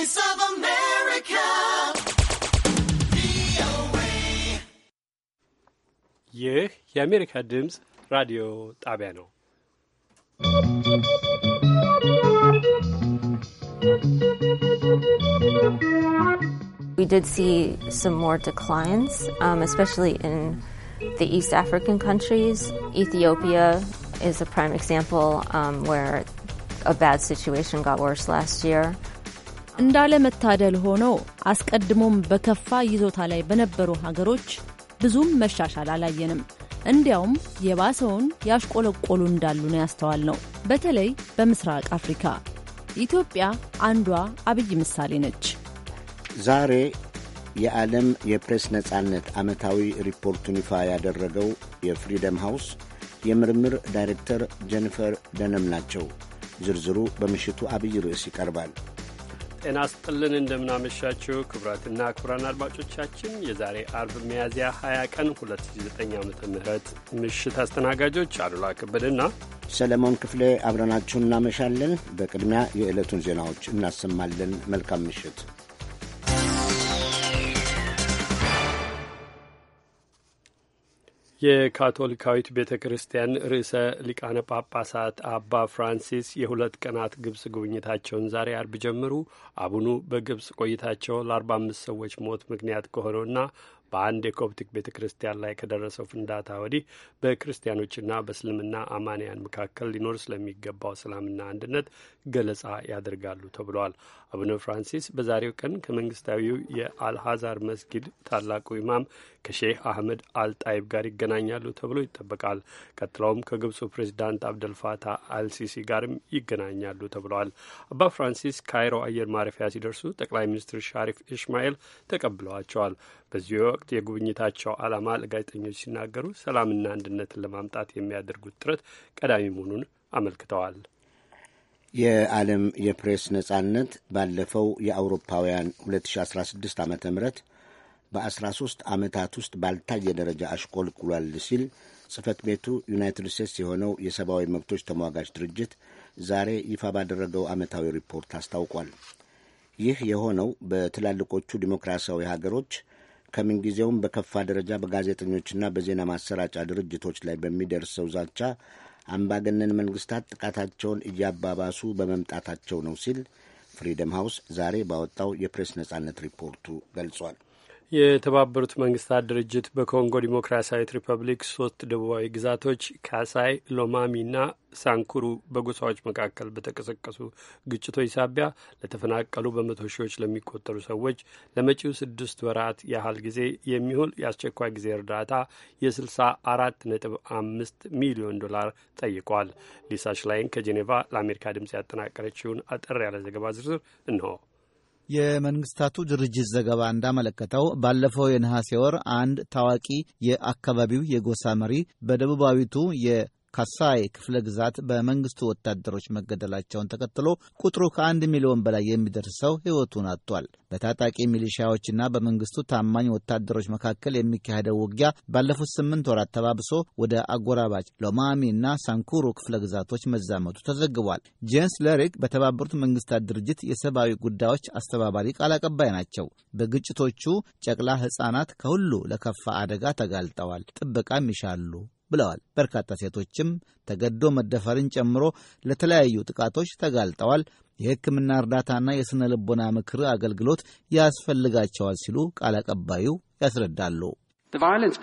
Voice of America. ይህ የአሜሪካ ድምፅ ራዲዮ ጣቢያ ነው። We did see some more declines, um, especially in the East African countries. Ethiopia is a prime example um, where a bad situation got worse last year. እንዳለ መታደል ሆኖ አስቀድሞም በከፋ ይዞታ ላይ በነበሩ ሀገሮች ብዙም መሻሻል አላየንም። እንዲያውም የባሰውን ያሽቆለቆሉ እንዳሉ ነው ያስተዋል ነው። በተለይ በምስራቅ አፍሪካ ኢትዮጵያ አንዷ አብይ ምሳሌ ነች። ዛሬ የዓለም የፕሬስ ነጻነት ዓመታዊ ሪፖርቱን ይፋ ያደረገው የፍሪደም ሃውስ የምርምር ዳይሬክተር ጀኒፈር ደነም ናቸው። ዝርዝሩ በምሽቱ አብይ ርዕስ ይቀርባል። ጤና ስጥልን እንደምናመሻችው ክቡራትና ክቡራን አድማጮቻችን የዛሬ አርብ ሚያዝያ 20 ቀን 2009 ዓ ም ምሽት አስተናጋጆች አሉላ ከበደና ሰለሞን ክፍሌ አብረናችሁ እናመሻለን። በቅድሚያ የዕለቱን ዜናዎች እናሰማለን። መልካም ምሽት። የካቶሊካዊት ቤተ ክርስቲያን ርዕሰ ሊቃነ ጳጳሳት አባ ፍራንሲስ የሁለት ቀናት ግብጽ ጉብኝታቸውን ዛሬ አርብ ጀምሩ። አቡኑ በግብጽ ቆይታቸው ለአርባ አምስት ሰዎች ሞት ምክንያት ከሆነውና በአንድ የኮፕቲክ ቤተ ክርስቲያን ላይ ከደረሰው ፍንዳታ ወዲህ በክርስቲያኖችና በእስልምና አማንያን መካከል ሊኖር ስለሚገባው ሰላምና አንድነት ገለጻ ያደርጋሉ ተብሏል። አቡነ ፍራንሲስ በዛሬው ቀን ከመንግስታዊው የአልሐዛር መስጊድ ታላቁ ኢማም ከሼህ አህመድ አልጣይብ ጋር ይገናኛሉ ተብሎ ይጠበቃል። ቀጥለውም ከግብፁ ፕሬዚዳንት አብደልፋታ አልሲሲ ጋርም ይገናኛሉ ተብለዋል። አባ ፍራንሲስ ካይሮ አየር ማረፊያ ሲደርሱ ጠቅላይ ሚኒስትር ሻሪፍ ኢስማኤል ተቀብለዋቸዋል። በዚህ ወቅት የጉብኝታቸው ዓላማ ለጋዜጠኞች ሲናገሩ ሰላምና አንድነትን ለማምጣት የሚያደርጉት ጥረት ቀዳሚ መሆኑን አመልክተዋል። የዓለም የፕሬስ ነጻነት ባለፈው የአውሮፓውያን 2016 ዓ ም በ13 ዓመታት ውስጥ ባልታየ ደረጃ አሽቆልቁሏል ሲል ጽህፈት ቤቱ ዩናይትድ ስቴትስ የሆነው የሰብአዊ መብቶች ተሟጋች ድርጅት ዛሬ ይፋ ባደረገው ዓመታዊ ሪፖርት አስታውቋል። ይህ የሆነው በትላልቆቹ ዲሞክራሲያዊ ሀገሮች ከምንጊዜውም በከፋ ደረጃ በጋዜጠኞችና በዜና ማሰራጫ ድርጅቶች ላይ በሚደርሰው ዛቻ አምባገነን መንግስታት ጥቃታቸውን እያባባሱ በመምጣታቸው ነው ሲል ፍሪደም ሃውስ ዛሬ ባወጣው የፕሬስ ነጻነት ሪፖርቱ ገልጿል። የተባበሩት መንግስታት ድርጅት በኮንጎ ዲሞክራሲያዊት ሪፐብሊክ ሶስት ደቡባዊ ግዛቶች ካሳይ፣ ሎማሚ እና ሳንኩሩ በጎሳዎች መካከል በተቀሰቀሱ ግጭቶች ሳቢያ ለተፈናቀሉ በመቶ ሺዎች ለሚቆጠሩ ሰዎች ለመጪው ስድስት ወራት ያህል ጊዜ የሚሆን የአስቸኳይ ጊዜ እርዳታ የስልሳ አራት ነጥብ አምስት ሚሊዮን ዶላር ጠይቋል። ሊሳ ሽላይን ከጄኔቫ ለአሜሪካ ድምጽ ያጠናቀረችውን አጠር ያለ ዘገባ ዝርዝር እንሆ የመንግስታቱ ድርጅት ዘገባ እንዳመለከተው ባለፈው የነሐሴ ወር አንድ ታዋቂ የአካባቢው የጎሳ መሪ በደቡባዊቱ ካሳይ ክፍለ ግዛት በመንግስቱ ወታደሮች መገደላቸውን ተከትሎ ቁጥሩ ከአንድ ሚሊዮን በላይ የሚደርስ ሰው ሕይወቱን አጥቷል። በታጣቂ ሚሊሺያዎችና በመንግስቱ ታማኝ ወታደሮች መካከል የሚካሄደው ውጊያ ባለፉት ስምንት ወራት ተባብሶ ወደ አጎራባች እና ሳንኩሩ ክፍለ ግዛቶች መዛመቱ ተዘግቧል። ጄንስ ለሪክ በተባበሩት መንግስታት ድርጅት የሰብአዊ ጉዳዮች አስተባባሪ ቃል አቀባይ ናቸው። በግጭቶቹ ጨቅላ ሕፃናት ከሁሉ ለከፋ አደጋ ተጋልጠዋል፣ ጥበቃም ይሻሉ ብለዋል። በርካታ ሴቶችም ተገዶ መደፈርን ጨምሮ ለተለያዩ ጥቃቶች ተጋልጠዋል። የሕክምና እርዳታና የሥነ ልቦና ምክር አገልግሎት ያስፈልጋቸዋል ሲሉ ቃል አቀባዩ ያስረዳሉ። ቪዮለንስ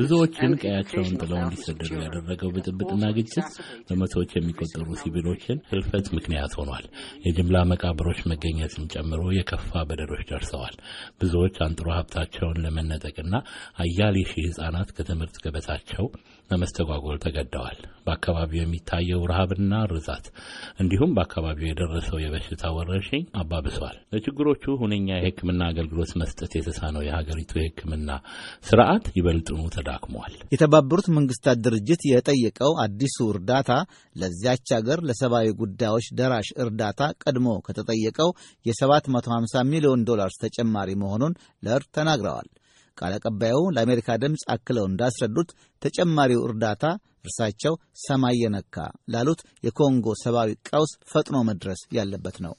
ብዙዎችን ቀያቸውን ጥለው እንዲሰደዱ ያደረገው ብጥብጥና ግጭት በመቶዎች የሚቆጠሩ ሲቪሎችን ህልፈት ምክንያት ሆኗል። የጅምላ መቃብሮች መገኘትን ጨምሮ የከፋ በደሎች ደርሰዋል። ብዙዎች አንጥሮ ሀብታቸውን ለመነጠቅና አያሌ ሺህ ህጻናት ከትምህርት ገበታቸው ለመስተጓጎል ተገደዋል። በአካባቢው የሚታየው ረሃብና ርዛት እንዲሁም በአካባቢው የደረሰው የበሽታ ወረርሽኝ አባብሷል። ለችግሮቹ ሁነኛ የህክምና አገልግሎት መስጠት የተሳነው የሀገሪቱ የህክምና ስርዓትና ስርዓት ይበልጥኑ ተዳክመዋል። የተባበሩት መንግስታት ድርጅት የጠየቀው አዲሱ እርዳታ ለዚያች አገር ለሰብአዊ ጉዳዮች ደራሽ እርዳታ ቀድሞ ከተጠየቀው የ750 ሚሊዮን ዶላርስ ተጨማሪ መሆኑን ለእርድ ተናግረዋል። ቃል አቀባዩ ለአሜሪካ ድምፅ አክለው እንዳስረዱት ተጨማሪው እርዳታ እርሳቸው ሰማይ የነካ ላሉት የኮንጎ ሰብአዊ ቀውስ ፈጥኖ መድረስ ያለበት ነው።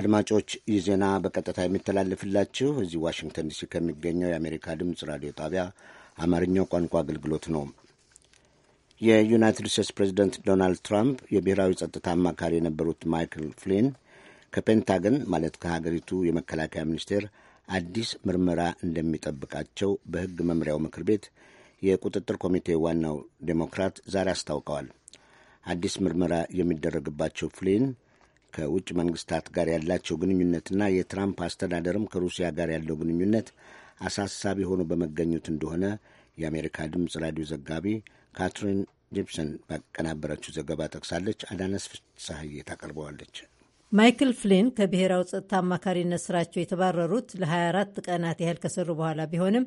አድማጮች ይህ ዜና በቀጥታ የሚተላለፍላችሁ እዚህ ዋሽንግተን ዲሲ ከሚገኘው የአሜሪካ ድምፅ ራዲዮ ጣቢያ አማርኛው ቋንቋ አገልግሎት ነው። የዩናይትድ ስቴትስ ፕሬዚደንት ዶናልድ ትራምፕ የብሔራዊ ጸጥታ አማካሪ የነበሩት ማይክል ፍሊን ከፔንታገን ማለት ከሀገሪቱ የመከላከያ ሚኒስቴር አዲስ ምርመራ እንደሚጠብቃቸው በሕግ መምሪያው ምክር ቤት የቁጥጥር ኮሚቴ ዋናው ዴሞክራት ዛሬ አስታውቀዋል። አዲስ ምርመራ የሚደረግባቸው ፍሊን ከውጭ መንግስታት ጋር ያላቸው ግንኙነትና የትራምፕ አስተዳደርም ከሩሲያ ጋር ያለው ግንኙነት አሳሳቢ ሆኖ በመገኘት እንደሆነ የአሜሪካ ድምፅ ራዲዮ ዘጋቢ ካትሪን ጂፕሰን ባቀናበረችው ዘገባ ጠቅሳለች። አዳነስ ፍሳሐዬ ታቀርበዋለች። ማይክል ፍሊን ከብሔራዊ ጸጥታ አማካሪነት ስራቸው የተባረሩት ለ24 ቀናት ያህል ከሰሩ በኋላ ቢሆንም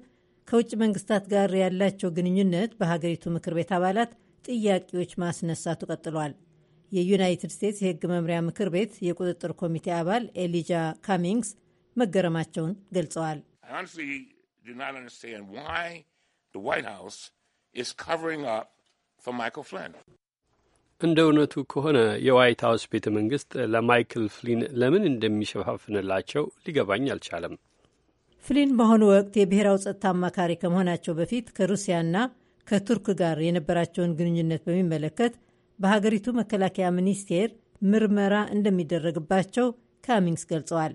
ከውጭ መንግስታት ጋር ያላቸው ግንኙነት በሀገሪቱ ምክር ቤት አባላት ጥያቄዎች ማስነሳቱ ቀጥሏል። የዩናይትድ ስቴትስ የህግ መምሪያ ምክር ቤት የቁጥጥር ኮሚቴ አባል ኤሊጃ ካሚንግስ መገረማቸውን ገልጸዋል። እንደ እውነቱ ከሆነ የዋይት ሀውስ ቤተ መንግስት ለማይክል ፍሊን ለምን እንደሚሸፋፍንላቸው ሊገባኝ አልቻለም። ፍሊን በአሁኑ ወቅት የብሔራዊ ጸጥታ አማካሪ ከመሆናቸው በፊት ከሩሲያና ከቱርክ ጋር የነበራቸውን ግንኙነት በሚመለከት በሀገሪቱ መከላከያ ሚኒስቴር ምርመራ እንደሚደረግባቸው ካሚንግስ ገልጸዋል።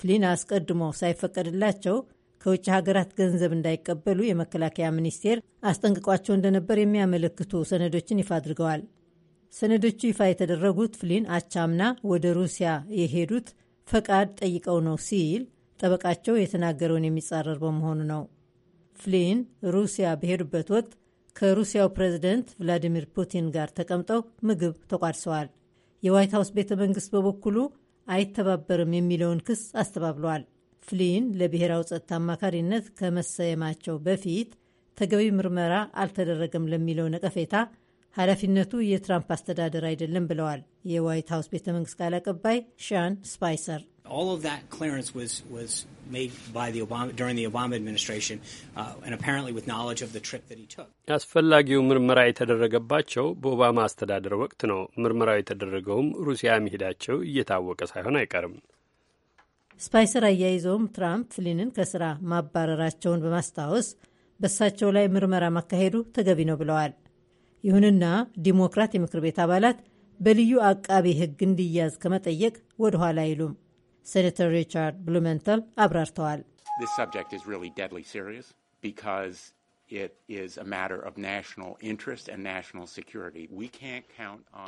ፍሊን አስቀድሞ ሳይፈቀድላቸው ከውጭ ሀገራት ገንዘብ እንዳይቀበሉ የመከላከያ ሚኒስቴር አስጠንቅቋቸው እንደነበር የሚያመለክቱ ሰነዶችን ይፋ አድርገዋል። ሰነዶቹ ይፋ የተደረጉት ፍሊን አቻምና ወደ ሩሲያ የሄዱት ፈቃድ ጠይቀው ነው ሲል ጠበቃቸው የተናገረውን የሚጻረር በመሆኑ ነው። ፍሊን ሩሲያ በሄዱበት ወቅት ከሩሲያው ፕሬዚደንት ቭላዲሚር ፑቲን ጋር ተቀምጠው ምግብ ተቋድሰዋል። የዋይት ሀውስ ቤተ መንግስት በበኩሉ አይተባበርም የሚለውን ክስ አስተባብለዋል። ፍሊን ለብሔራዊ ጸጥታ አማካሪነት ከመሰየማቸው በፊት ተገቢ ምርመራ አልተደረገም ለሚለው ነቀፌታ ኃላፊነቱ የትራምፕ አስተዳደር አይደለም ብለዋል የዋይት ሀውስ ቤተ መንግስት ቃል አቀባይ ሻን ስፓይሰር all of that clearance was was made by the Obama during the Obama administration uh, and apparently with knowledge of the trip that he took. አስፈላጊው ምርመራ የተደረገባቸው በኦባማ አስተዳደር ወቅት ነው። ምርመራው የተደረገውም ሩሲያ መሄዳቸው እየታወቀ ሳይሆን አይቀርም። ስፓይሰር አያይዘውም ትራምፕ ፍሊንን ከስራ ማባረራቸውን በማስታወስ በእሳቸው ላይ ምርመራ ማካሄዱ ተገቢ ነው ብለዋል። ይሁንና ዲሞክራት የምክር ቤት አባላት በልዩ አቃቤ ሕግ እንዲያዝ ከመጠየቅ ወደኋላ አይሉም። ሴኔተር ሪቻርድ ብሉመንተል አብራርተዋል።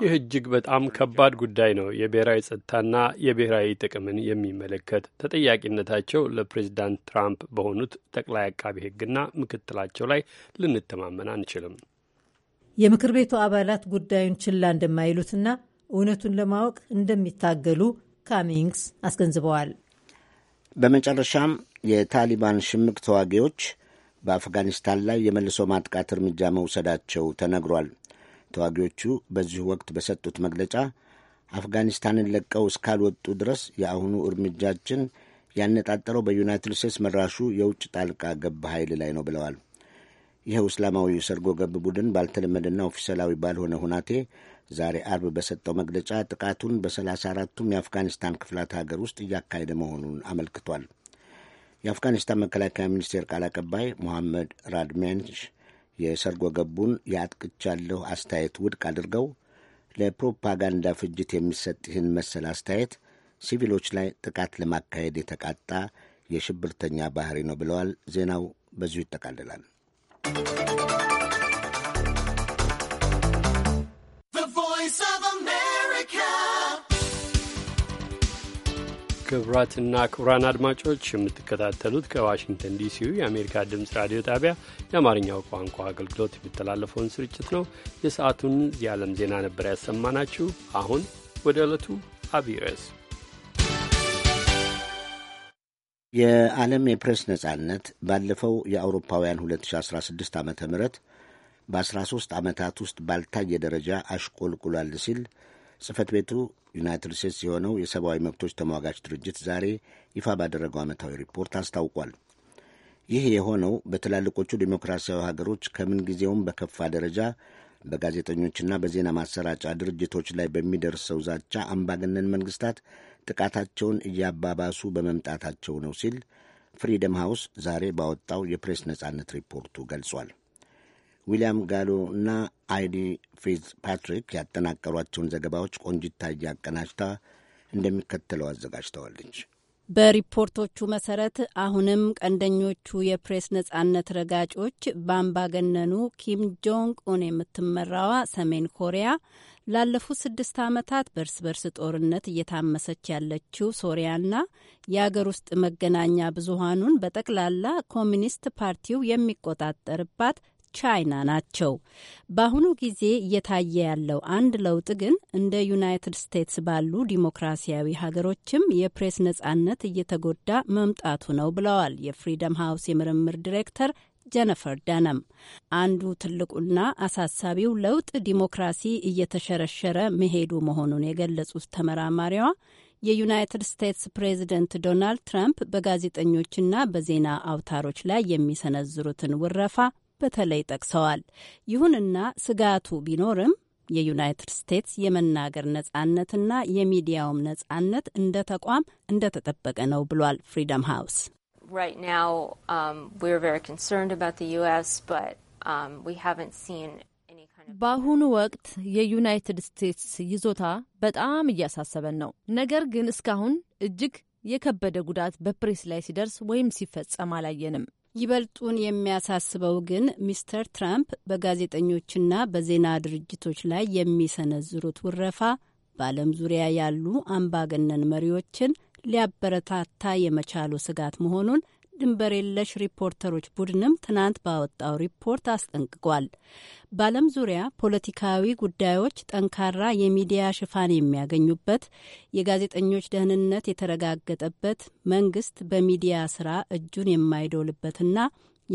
ይህ እጅግ በጣም ከባድ ጉዳይ ነው። የብሔራዊ ጸጥታና የብሔራዊ ጥቅምን የሚመለከት ተጠያቂነታቸው ለፕሬዚዳንት ትራምፕ በሆኑት ጠቅላይ አቃቢ ሕግና ምክትላቸው ላይ ልንተማመን አንችልም። የምክር ቤቱ አባላት ጉዳዩን ችላ እንደማይሉትና እውነቱን ለማወቅ እንደሚታገሉ ካሚንግስ አስገንዝበዋል። በመጨረሻም የታሊባን ሽምቅ ተዋጊዎች በአፍጋኒስታን ላይ የመልሶ ማጥቃት እርምጃ መውሰዳቸው ተነግሯል። ተዋጊዎቹ በዚሁ ወቅት በሰጡት መግለጫ አፍጋኒስታንን ለቀው እስካልወጡ ድረስ የአሁኑ እርምጃችን ያነጣጠረው በዩናይትድ ስቴትስ መራሹ የውጭ ጣልቃ ገብ ኃይል ላይ ነው ብለዋል። ይኸው እስላማዊ ሰርጎ ገብ ቡድን ባልተለመደና ኦፊሴላዊ ባልሆነ ሁናቴ ዛሬ አርብ በሰጠው መግለጫ ጥቃቱን በሰላሳ አራቱም የአፍጋኒስታን ክፍላት ሀገር ውስጥ እያካሄደ መሆኑን አመልክቷል። የአፍጋኒስታን መከላከያ ሚኒስቴር ቃል አቀባይ ሞሐመድ ራድሜንሽ የሰርጎ ገቡን የአጥቅቻለሁ አስተያየት ውድቅ አድርገው ለፕሮፓጋንዳ ፍጅት የሚሰጥ ይህን መሰል አስተያየት ሲቪሎች ላይ ጥቃት ለማካሄድ የተቃጣ የሽብርተኛ ባህሪ ነው ብለዋል። ዜናው በዚሁ ይጠቃልላል። ክቡራትና ክቡራን አድማጮች የምትከታተሉት ከዋሽንግተን ዲሲው የአሜሪካ ድምፅ ራዲዮ ጣቢያ የአማርኛው ቋንቋ አገልግሎት የሚተላለፈውን ስርጭት ነው። የሰዓቱን የዓለም ዜና ነበር ያሰማናችሁ። አሁን ወደ ዕለቱ አብይ ርዕስ የዓለም የፕሬስ ነጻነት ባለፈው የአውሮፓውያን 2016 ዓ ም በ13 ዓመታት ውስጥ ባልታየ ደረጃ አሽቆልቁሏል ሲል ጽህፈት ቤቱ ዩናይትድ ስቴትስ የሆነው የሰብአዊ መብቶች ተሟጋች ድርጅት ዛሬ ይፋ ባደረገው ዓመታዊ ሪፖርት አስታውቋል። ይህ የሆነው በትላልቆቹ ዴሞክራሲያዊ ሀገሮች ከምንጊዜውም በከፋ ደረጃ በጋዜጠኞችና በዜና ማሰራጫ ድርጅቶች ላይ በሚደርሰው ዛቻ አምባገነን መንግስታት ጥቃታቸውን እያባባሱ በመምጣታቸው ነው ሲል ፍሪደም ሃውስ ዛሬ ባወጣው የፕሬስ ነጻነት ሪፖርቱ ገልጿል። ዊልያም ጋሎ እና አይዲ ፊዝ ፓትሪክ ያጠናቀሯቸውን ዘገባዎች ቆንጅታ አቀናጅታ እንደሚከተለው አዘጋጅተዋለች። በሪፖርቶቹ መሰረት አሁንም ቀንደኞቹ የፕሬስ ነጻነት ረጋጮች በአምባገነኑ ኪም ጆንግ ኡን የምትመራዋ ሰሜን ኮሪያ ላለፉት ስድስት ዓመታት በእርስ በርስ ጦርነት እየታመሰች ያለችው ሶሪያና የአገር ውስጥ መገናኛ ብዙሃኑን በጠቅላላ ኮሚኒስት ፓርቲው የሚቆጣጠርባት ቻይና ናቸው። በአሁኑ ጊዜ እየታየ ያለው አንድ ለውጥ ግን እንደ ዩናይትድ ስቴትስ ባሉ ዲሞክራሲያዊ ሀገሮችም የፕሬስ ነጻነት እየተጎዳ መምጣቱ ነው ብለዋል የፍሪደም ሃውስ የምርምር ዲሬክተር ጀነፈር ደነም አንዱ ትልቁና አሳሳቢው ለውጥ ዲሞክራሲ እየተሸረሸረ መሄዱ መሆኑን የገለጹት ተመራማሪዋ የዩናይትድ ስቴትስ ፕሬዝደንት ዶናልድ ትራምፕ በጋዜጠኞችና በዜና አውታሮች ላይ የሚሰነዝሩትን ውረፋ በተለይ ጠቅሰዋል። ይሁንና ስጋቱ ቢኖርም የዩናይትድ ስቴትስ የመናገር ነጻነትና የሚዲያውም ነጻነት እንደ ተቋም እንደተጠበቀ ነው ብሏል ፍሪደም ሃውስ። በአሁኑ ወቅት የዩናይትድ ስቴትስ ይዞታ በጣም እያሳሰበን ነው። ነገር ግን እስካሁን እጅግ የከበደ ጉዳት በፕሬስ ላይ ሲደርስ ወይም ሲፈጸም አላየንም። ይበልጡን የሚያሳስበው ግን ሚስተር ትራምፕ በጋዜጠኞችና በዜና ድርጅቶች ላይ የሚሰነዝሩት ውረፋ በዓለም ዙሪያ ያሉ አምባገነን መሪዎችን ሊያበረታታ የመቻሉ ስጋት መሆኑን ድንበር የለሽ ሪፖርተሮች ቡድንም ትናንት ባወጣው ሪፖርት አስጠንቅቋል። በዓለም ዙሪያ ፖለቲካዊ ጉዳዮች ጠንካራ የሚዲያ ሽፋን የሚያገኙበት፣ የጋዜጠኞች ደህንነት የተረጋገጠበት፣ መንግስት በሚዲያ ስራ እጁን የማይዶልበትና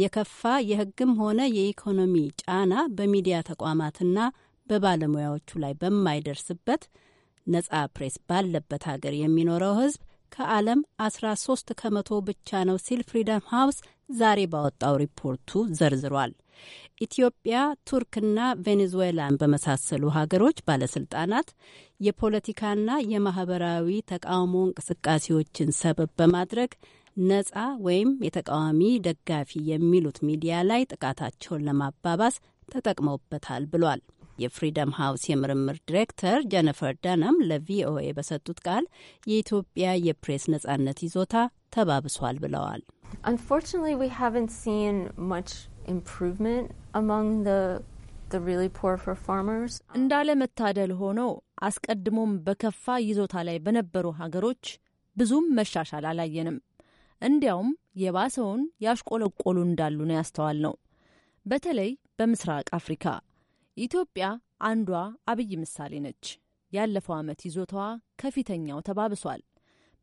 የከፋ የህግም ሆነ የኢኮኖሚ ጫና በሚዲያ ተቋማትና በባለሙያዎቹ ላይ በማይደርስበት ነጻ ፕሬስ ባለበት ሀገር የሚኖረው ህዝብ። ከዓለም 13 ከመቶ ብቻ ነው ሲል ፍሪደም ሃውስ ዛሬ ባወጣው ሪፖርቱ ዘርዝሯል። ኢትዮጵያ፣ ቱርክና ቬኔዙዌላን በመሳሰሉ ሀገሮች ባለስልጣናት የፖለቲካና የማህበራዊ ተቃውሞ እንቅስቃሴዎችን ሰበብ በማድረግ ነጻ ወይም የተቃዋሚ ደጋፊ የሚሉት ሚዲያ ላይ ጥቃታቸውን ለማባባስ ተጠቅመውበታል ብሏል። የፍሪደም ሃውስ የምርምር ዲሬክተር ጀነፈር ደነም ለቪኦኤ በሰጡት ቃል የኢትዮጵያ የፕሬስ ነጻነት ይዞታ ተባብሷል ብለዋል። እንዳለመታደል ሆኖ አስቀድሞም በከፋ ይዞታ ላይ በነበሩ ሀገሮች ብዙም መሻሻል አላየንም። እንዲያውም የባሰውን ያሽቆለቆሉ እንዳሉ ነው ያስተዋል ነው። በተለይ በምስራቅ አፍሪካ ኢትዮጵያ አንዷ አብይ ምሳሌ ነች። ያለፈው ዓመት ይዞታዋ ከፊተኛው ተባብሷል።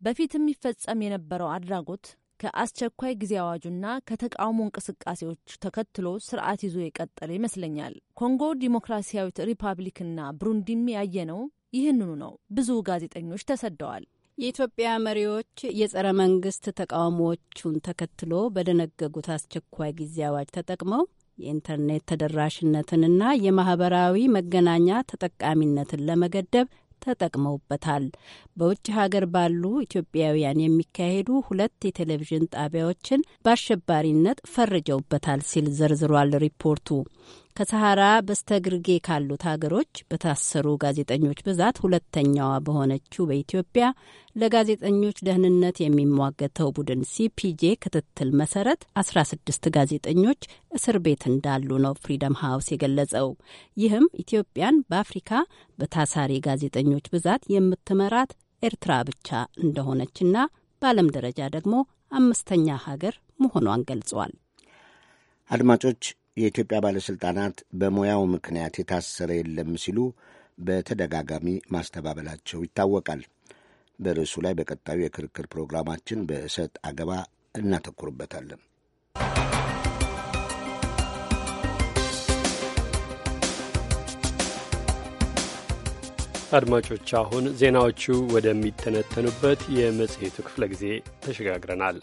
በፊት የሚፈጸም የነበረው አድራጎት ከአስቸኳይ ጊዜ አዋጁና ከተቃውሞ እንቅስቃሴዎች ተከትሎ ስርዓት ይዞ የቀጠለ ይመስለኛል። ኮንጎ ዲሞክራሲያዊት ሪፐብሊክና ብሩንዲም ያየነው ይህንኑ ነው። ብዙ ጋዜጠኞች ተሰደዋል። የኢትዮጵያ መሪዎች የጸረ መንግስት ተቃውሞዎቹን ተከትሎ በደነገጉት አስቸኳይ ጊዜ አዋጅ ተጠቅመው የኢንተርኔት ተደራሽነትንና የማህበራዊ መገናኛ ተጠቃሚነትን ለመገደብ ተጠቅመውበታል። በውጭ ሀገር ባሉ ኢትዮጵያውያን የሚካሄዱ ሁለት የቴሌቪዥን ጣቢያዎችን በአሸባሪነት ፈርጀውበታል ሲል ዘርዝሯል ሪፖርቱ። ከሰሃራ በስተግርጌ ካሉት ሀገሮች በታሰሩ ጋዜጠኞች ብዛት ሁለተኛዋ በሆነችው በኢትዮጵያ ለጋዜጠኞች ደህንነት የሚሟገተው ቡድን ሲፒጄ ክትትል መሰረት 16 ጋዜጠኞች እስር ቤት እንዳሉ ነው ፍሪደም ሃውስ የገለጸው። ይህም ኢትዮጵያን በአፍሪካ በታሳሪ ጋዜጠኞች ብዛት የምትመራት ኤርትራ ብቻ እንደሆነችና በዓለም ደረጃ ደግሞ አምስተኛ ሀገር መሆኗን ገልጿል። አድማጮች የኢትዮጵያ ባለሥልጣናት በሙያው ምክንያት የታሰረ የለም ሲሉ በተደጋጋሚ ማስተባበላቸው ይታወቃል። በርዕሱ ላይ በቀጣዩ የክርክር ፕሮግራማችን በእሰጥ አገባ እናተኩርበታለን። አድማጮች አሁን ዜናዎቹ ወደሚተነተኑበት የመጽሔቱ ክፍለ ጊዜ ተሸጋግረናል።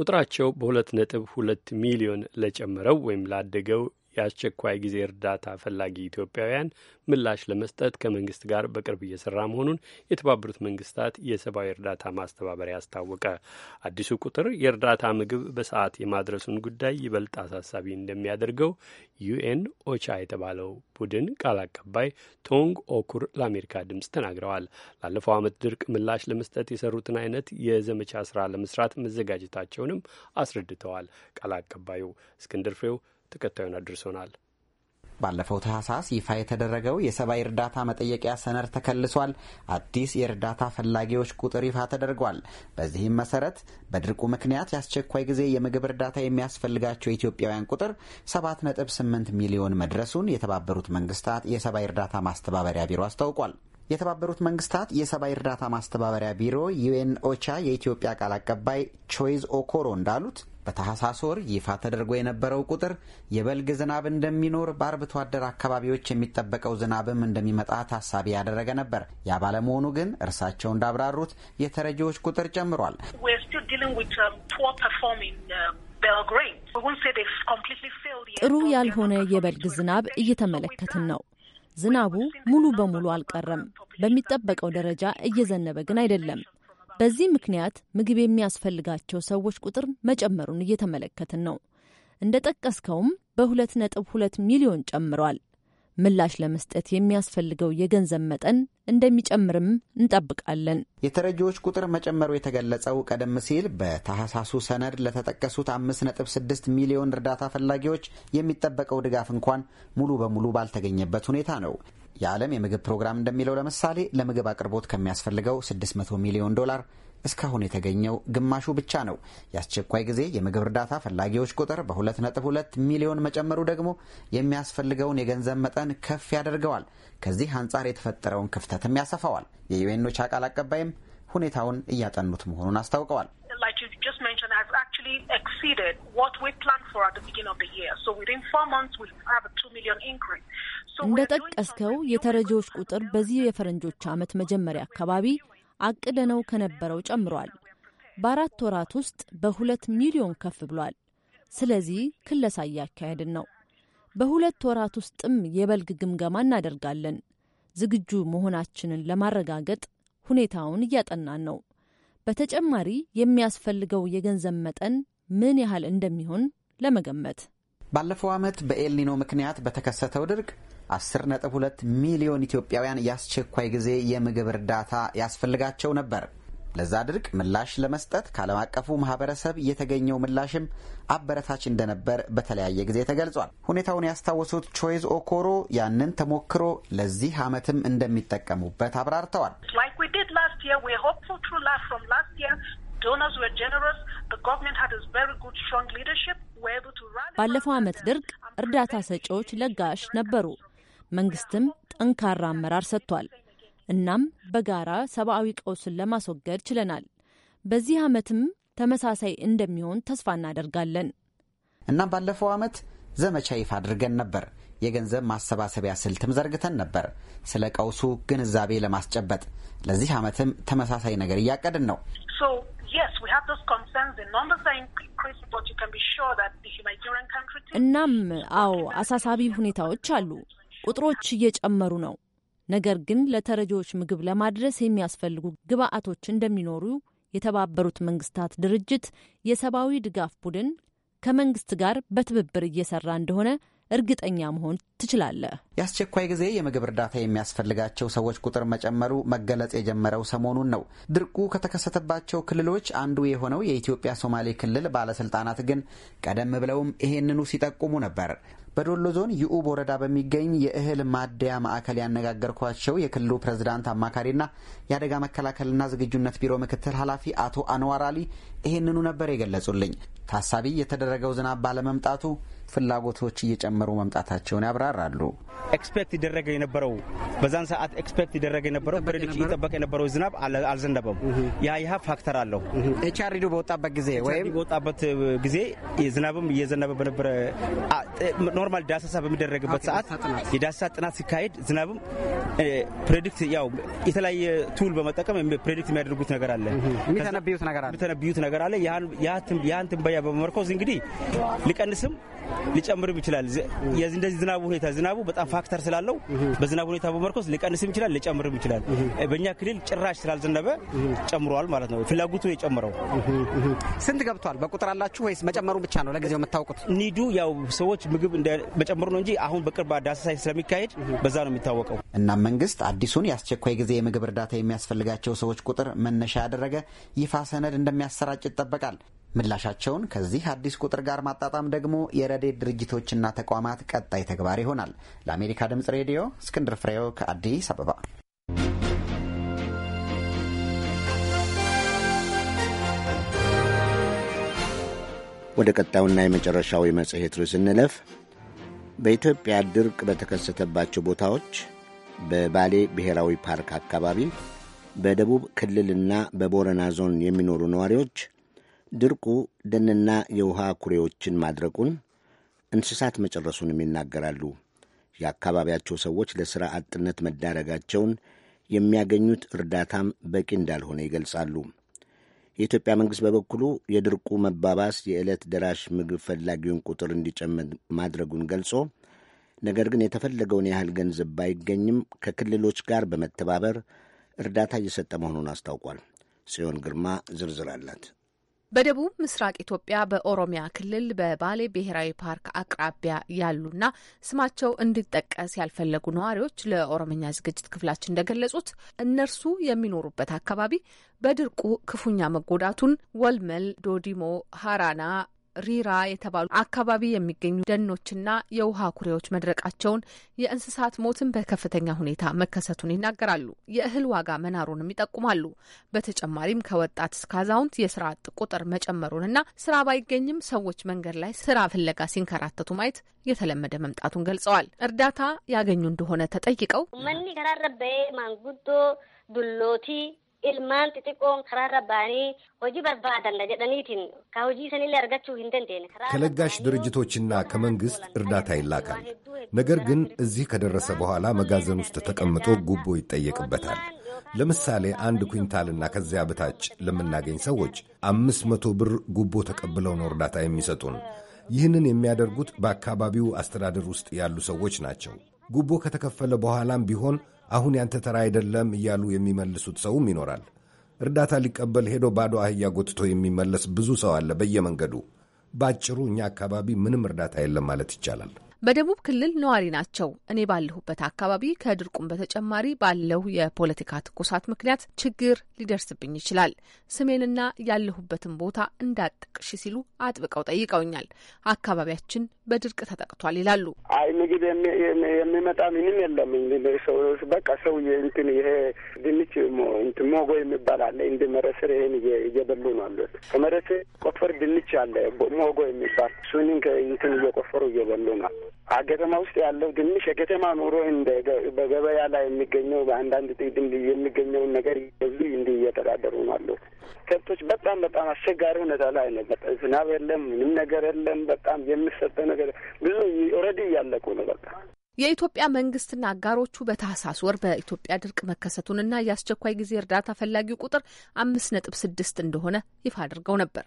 ቁጥራቸው በሁለት ነጥብ ሁለት ሚሊዮን ለጨመረው ወይም ላደገው የአስቸኳይ ጊዜ እርዳታ ፈላጊ ኢትዮጵያውያን ምላሽ ለመስጠት ከመንግስት ጋር በቅርብ እየሰራ መሆኑን የተባበሩት መንግስታት የሰብአዊ እርዳታ ማስተባበሪያ አስታወቀ። አዲሱ ቁጥር የእርዳታ ምግብ በሰዓት የማድረሱን ጉዳይ ይበልጥ አሳሳቢ እንደሚያደርገው ዩኤን ኦቻ የተባለው ቡድን ቃል አቀባይ ቶንግ ኦኩር ለአሜሪካ ድምፅ ተናግረዋል። ላለፈው ዓመት ድርቅ ምላሽ ለመስጠት የሰሩትን አይነት የዘመቻ ስራ ለመስራት መዘጋጀታቸውንም አስረድተዋል። ቃል አቀባዩ እስክንድር ፍሬው ተከታዩን አድርሶናል። ባለፈው ታህሳስ ይፋ የተደረገው የሰብአዊ እርዳታ መጠየቂያ ሰነድ ተከልሷል። አዲስ የእርዳታ ፈላጊዎች ቁጥር ይፋ ተደርጓል። በዚህም መሰረት በድርቁ ምክንያት የአስቸኳይ ጊዜ የምግብ እርዳታ የሚያስፈልጋቸው የኢትዮጵያውያን ቁጥር 7.8 ሚሊዮን መድረሱን የተባበሩት መንግስታት የሰብአዊ እርዳታ ማስተባበሪያ ቢሮ አስታውቋል። የተባበሩት መንግስታት የሰብአዊ እርዳታ ማስተባበሪያ ቢሮ ዩኤን ኦቻ የኢትዮጵያ ቃል አቀባይ ቾይዝ ኦኮሮ እንዳሉት በታህሳስ ወር ይፋ ተደርጎ የነበረው ቁጥር የበልግ ዝናብ እንደሚኖር በአርብቶ አደር አካባቢዎች የሚጠበቀው ዝናብም እንደሚመጣ ታሳቢ ያደረገ ነበር። ያ ባለመሆኑ ግን እርሳቸው እንዳብራሩት የተረጂዎች ቁጥር ጨምሯል። um, uh, ጥሩ ያልሆነ የበልግ ዝናብ እየተመለከትን ነው። ዝናቡ ሙሉ በሙሉ አልቀረም፣ በሚጠበቀው ደረጃ እየዘነበ ግን አይደለም። በዚህ ምክንያት ምግብ የሚያስፈልጋቸው ሰዎች ቁጥር መጨመሩን እየተመለከትን ነው። እንደ ጠቀስከውም በ2.2 ሚሊዮን ጨምሯል። ምላሽ ለመስጠት የሚያስፈልገው የገንዘብ መጠን እንደሚጨምርም እንጠብቃለን። የተረጂዎች ቁጥር መጨመሩ የተገለጸው ቀደም ሲል በታህሳሱ ሰነድ ለተጠቀሱት 5.6 ሚሊዮን እርዳታ ፈላጊዎች የሚጠበቀው ድጋፍ እንኳን ሙሉ በሙሉ ባልተገኘበት ሁኔታ ነው። የዓለም የምግብ ፕሮግራም እንደሚለው ለምሳሌ ለምግብ አቅርቦት ከሚያስፈልገው 600 ሚሊዮን ዶላር እስካሁን የተገኘው ግማሹ ብቻ ነው። የአስቸኳይ ጊዜ የምግብ እርዳታ ፈላጊዎች ቁጥር በ2.2 ሚሊዮን መጨመሩ ደግሞ የሚያስፈልገውን የገንዘብ መጠን ከፍ ያደርገዋል። ከዚህ አንጻር የተፈጠረውን ክፍተትም ያሰፋዋል። የዩኤኖች ቃል አቀባይም ሁኔታውን እያጠኑት መሆኑን አስታውቀዋል። actually exceeded what we planned for at the beginning of the year. So within four months, we have a two million increase. እንደጠቀስከው የተረጂዎች ቁጥር በዚህ የፈረንጆች ዓመት መጀመሪያ አካባቢ አቅደነው ከነበረው ጨምሯል። በአራት ወራት ውስጥ በሁለት ሚሊዮን ከፍ ብሏል። ስለዚህ ክለሳ እያካሄድን ነው። በሁለት ወራት ውስጥም የበልግ ግምገማ እናደርጋለን። ዝግጁ መሆናችንን ለማረጋገጥ ሁኔታውን እያጠናን ነው። በተጨማሪ የሚያስፈልገው የገንዘብ መጠን ምን ያህል እንደሚሆን ለመገመት ባለፈው ዓመት በኤልኒኖ ምክንያት በተከሰተው ድርቅ 10.2 ሚሊዮን ኢትዮጵያውያን የአስቸኳይ ጊዜ የምግብ እርዳታ ያስፈልጋቸው ነበር። ለዛ ድርቅ ምላሽ ለመስጠት ከዓለም አቀፉ ማህበረሰብ የተገኘው ምላሽም አበረታች እንደነበር በተለያየ ጊዜ ተገልጿል። ሁኔታውን ያስታወሱት ቾይዝ ኦኮሮ ያንን ተሞክሮ ለዚህ ዓመትም እንደሚጠቀሙበት አብራርተዋል። ባለፈው ዓመት ድርቅ እርዳታ ሰጪዎች ለጋሽ ነበሩ። መንግስትም ጠንካራ አመራር ሰጥቷል። እናም በጋራ ሰብአዊ ቀውስን ለማስወገድ ችለናል። በዚህ ዓመትም ተመሳሳይ እንደሚሆን ተስፋ እናደርጋለን። እናም ባለፈው ዓመት ዘመቻ ይፋ አድርገን ነበር። የገንዘብ ማሰባሰቢያ ስልትም ዘርግተን ነበር፣ ስለ ቀውሱ ግንዛቤ ለማስጨበጥ። ለዚህ ዓመትም ተመሳሳይ ነገር እያቀድን ነው። እናም አዎ አሳሳቢ ሁኔታዎች አሉ። ቁጥሮች እየጨመሩ ነው። ነገር ግን ለተረጂዎች ምግብ ለማድረስ የሚያስፈልጉ ግብአቶች እንደሚኖሩ የተባበሩት መንግስታት ድርጅት የሰብአዊ ድጋፍ ቡድን ከመንግስት ጋር በትብብር እየሰራ እንደሆነ እርግጠኛ መሆን ትችላለህ። የአስቸኳይ ጊዜ የምግብ እርዳታ የሚያስፈልጋቸው ሰዎች ቁጥር መጨመሩ መገለጽ የጀመረው ሰሞኑን ነው። ድርቁ ከተከሰተባቸው ክልሎች አንዱ የሆነው የኢትዮጵያ ሶማሌ ክልል ባለስልጣናት ግን ቀደም ብለውም ይሄንኑ ሲጠቁሙ ነበር። በዶሎ ዞን ይኡብ ወረዳ በሚገኝ የእህል ማደያ ማዕከል ያነጋገርኳቸው የክልሉ ፕሬዝዳንት አማካሪና የአደጋ መከላከልና ዝግጁነት ቢሮ ምክትል ኃላፊ አቶ አንዋር አሊ ይህንኑ ነበር የገለጹልኝ። ታሳቢ የተደረገው ዝናብ ባለመምጣቱ ፍላጎቶች እየጨመሩ መምጣታቸውን ያብራራሉ። ኤክስፔክት ይደረገ የነበረው በዛን ሰዓት ኤክስፔክት ይደረገ የነበረው ፕሬዲክሽን ይጠበቅ የነበረው ዝናብ አልዘነበም። ያ ይህ ፋክተር አለው። ኤችአርዱ በወጣበት ጊዜ ወይም በወጣበት ጊዜ ዝናብም እየዘነበ በነበረ ኖርማል ዳሰሳ በሚደረግበት ሰዓት የዳሰሳ ጥናት ሲካሄድ ዝናብም ፕሬዲክት ያው የተለያየ ቱል በመጠቀም ፕሬዲክት የሚያደርጉት ነገር አለ፣ የሚተነብዩት ነገር አለ። ያን ትንበያ በመመርኮዝ እንግዲህ ሊቀንስም ሊጨምርም ይችላል። እንደዚህ ዝናቡ ሁኔታ ዝናቡ በጣም ፋክተር ስላለው በዝናቡ ሁኔታ በመርኮስ ሊቀንስም ይችላል፣ ሊጨምርም ይችላል። በእኛ ክልል ጭራሽ ስላልዘነበ ጨምሯል ማለት ነው። ፍላጎቱ የጨምረው ስንት ገብቷል? በቁጥር አላችሁ ወይስ መጨመሩ ብቻ ነው ለጊዜው የምታውቁት? ኒዱ ያው ሰዎች ምግብ መጨመሩ ነው እንጂ አሁን በቅርብ ዳሰሳ ስለሚካሄድ በዛ ነው የሚታወቀው። እና መንግስት አዲሱን የአስቸኳይ ጊዜ የምግብ እርዳታ የሚያስፈልጋቸው ሰዎች ቁጥር መነሻ ያደረገ ይፋ ሰነድ እንደሚያሰራጭ ይጠበቃል። ምላሻቸውን ከዚህ አዲስ ቁጥር ጋር ማጣጣም ደግሞ የረድኤት ድርጅቶችና ተቋማት ቀጣይ ተግባር ይሆናል። ለአሜሪካ ድምጽ ሬዲዮ እስክንድር ፍሬው ከአዲስ አበባ። ወደ ቀጣዩና የመጨረሻው የመጽሔት ርዕስ ስንለፍ በኢትዮጵያ ድርቅ በተከሰተባቸው ቦታዎች በባሌ ብሔራዊ ፓርክ አካባቢ በደቡብ ክልልና በቦረና ዞን የሚኖሩ ነዋሪዎች ድርቁ ደንና የውሃ ኩሬዎችን ማድረቁን፣ እንስሳት መጨረሱንም ይናገራሉ። የአካባቢያቸው ሰዎች ለሥራ አጥነት መዳረጋቸውን፣ የሚያገኙት እርዳታም በቂ እንዳልሆነ ይገልጻሉ። የኢትዮጵያ መንግሥት በበኩሉ የድርቁ መባባስ የዕለት ደራሽ ምግብ ፈላጊውን ቁጥር እንዲጨምር ማድረጉን ገልጾ ነገር ግን የተፈለገውን ያህል ገንዘብ ባይገኝም ከክልሎች ጋር በመተባበር እርዳታ እየሰጠ መሆኑን አስታውቋል። ጽዮን ግርማ ዝርዝር አላት። በደቡብ ምስራቅ ኢትዮጵያ በኦሮሚያ ክልል በባሌ ብሔራዊ ፓርክ አቅራቢያ ያሉና ስማቸው እንዲጠቀስ ያልፈለጉ ነዋሪዎች ለኦሮምኛ ዝግጅት ክፍላችን እንደገለጹት እነርሱ የሚኖሩበት አካባቢ በድርቁ ክፉኛ መጎዳቱን ወልመል፣ ዶዲሞ፣ ሀራና፣ ሪራ የተባሉ አካባቢ የሚገኙ ደኖችና የውሃ ኩሬዎች መድረቃቸውን፣ የእንስሳት ሞትን በከፍተኛ ሁኔታ መከሰቱን ይናገራሉ። የእህል ዋጋ መናሩንም ይጠቁማሉ። በተጨማሪም ከወጣት እስከ አዛውንት የስራ አጥ ቁጥር መጨመሩንና ስራ ባይገኝም ሰዎች መንገድ ላይ ስራ ፍለጋ ሲንከራተቱ ማየት የተለመደ መምጣቱን ገልጸዋል። እርዳታ ያገኙ እንደሆነ ተጠይቀው መኒ ከራረበ ማንጉዶ ዱሎቲ ilmaan xixiqqoon karaarra ba'anii hojii barbaadan jedhaniitiin ka hojii sanillee argachuu hin dandeenye ከለጋሽ ድርጅቶችና ከመንግስት እርዳታ ይላካል። ነገር ግን እዚህ ከደረሰ በኋላ መጋዘን ውስጥ ተቀምጦ ጉቦ ይጠየቅበታል። ለምሳሌ አንድ ኩንታልና ከዚያ በታች ለምናገኝ ሰዎች አምስት መቶ ብር ጉቦ ተቀብለው ነው እርዳታ የሚሰጡን። ይህንን የሚያደርጉት በአካባቢው አስተዳደር ውስጥ ያሉ ሰዎች ናቸው። ጉቦ ከተከፈለ በኋላም ቢሆን አሁን ያንተ ተራ አይደለም እያሉ የሚመልሱት ሰውም ይኖራል። እርዳታ ሊቀበል ሄዶ ባዶ አህያ ጎትቶ የሚመለስ ብዙ ሰው አለ በየመንገዱ። በአጭሩ እኛ አካባቢ ምንም እርዳታ የለም ማለት ይቻላል። በደቡብ ክልል ነዋሪ ናቸው። እኔ ባለሁበት አካባቢ ከድርቁም በተጨማሪ ባለው የፖለቲካ ትኩሳት ምክንያት ችግር ሊደርስብኝ ይችላል። ስሜንና ያለሁበትን ቦታ እንዳጠቅሽ ሲሉ አጥብቀው ጠይቀውኛል። አካባቢያችን በድርቅ ተጠቅቷል ይላሉ። አይ ምግብ የሚመጣ ምንም የለም። በቃ ሰው እንትን ይሄ ድንች ሞጎ የሚባል አለ እንደ መረስር ይሄን እየበሉ ነው አሉት። ከመረስ ቆፈር ድንች አለ ሞጎ የሚባል እሱን እንትን እየቆፈሩ እየበሉ ነው ከተማ ውስጥ ያለው ትንሽ የከተማ ኑሮ እንደ በገበያ ላይ የሚገኘው በአንዳንድ ጥቅም የሚገኘውን ነገር እየገዙ እንዲህ እየተዳደሩ ነው ያሉት። ከብቶች በጣም በጣም አስቸጋሪ ሁኔታ ላይ ነው። ዝናብ የለም፣ ምንም ነገር የለም። በጣም የሚሰጠው ነገር ብዙ ኦልሬዲ እያለቁ ነው በቃ የኢትዮጵያ መንግስትና አጋሮቹ በታህሳስ ወር በኢትዮጵያ ድርቅ መከሰቱንና የአስቸኳይ ጊዜ እርዳታ ፈላጊው ቁጥር አምስት ነጥብ ስድስት እንደሆነ ይፋ አድርገው ነበር።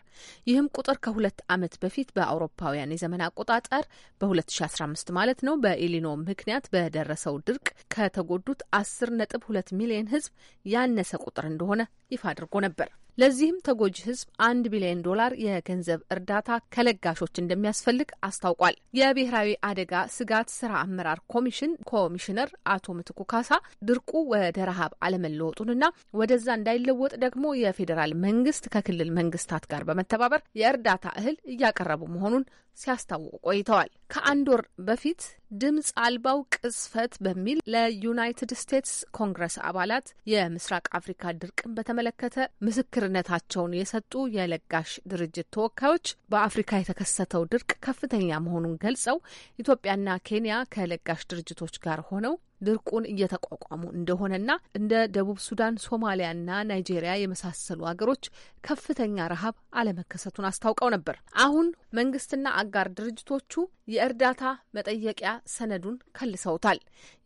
ይህም ቁጥር ከሁለት ዓመት በፊት በአውሮፓውያን የዘመን አቆጣጠር በ2015 ማለት ነው በኤሊኖ ምክንያት በደረሰው ድርቅ ከተጎዱት አስር ነጥብ ሁለት ሚሊዮን ህዝብ ያነሰ ቁጥር እንደሆነ ይፋ አድርጎ ነበር። ለዚህም ተጎጂ ህዝብ አንድ ቢሊዮን ዶላር የገንዘብ እርዳታ ከለጋሾች እንደሚያስፈልግ አስታውቋል። የብሔራዊ አደጋ ስጋት ስራ አመራር ኮሚሽን ኮሚሽነር አቶ ምትኩ ካሳ ድርቁ ወደ ረሃብ አለመለወጡንና ወደዛ እንዳይለወጥ ደግሞ የፌዴራል መንግስት ከክልል መንግስታት ጋር በመተባበር የእርዳታ እህል እያቀረቡ መሆኑን ሲያስታውቁ ቆይተዋል። ከአንድ ወር በፊት ድምፅ አልባው ቅስፈት በሚል ለዩናይትድ ስቴትስ ኮንግረስ አባላት የምስራቅ አፍሪካ ድርቅን በተመለከተ ምስክርነታቸውን የሰጡ የለጋሽ ድርጅት ተወካዮች በአፍሪካ የተከሰተው ድርቅ ከፍተኛ መሆኑን ገልጸው ኢትዮጵያና ኬንያ ከለጋሽ ድርጅቶች ጋር ሆነው ድርቁን እየተቋቋሙ እንደሆነና እንደ ደቡብ ሱዳን፣ ሶማሊያና ናይጄሪያ የመሳሰሉ ሀገሮች ከፍተኛ ረሃብ አለመከሰቱን አስታውቀው ነበር። አሁን መንግስትና አጋር ድርጅቶቹ የእርዳታ መጠየቂያ ሰነዱን ከልሰውታል።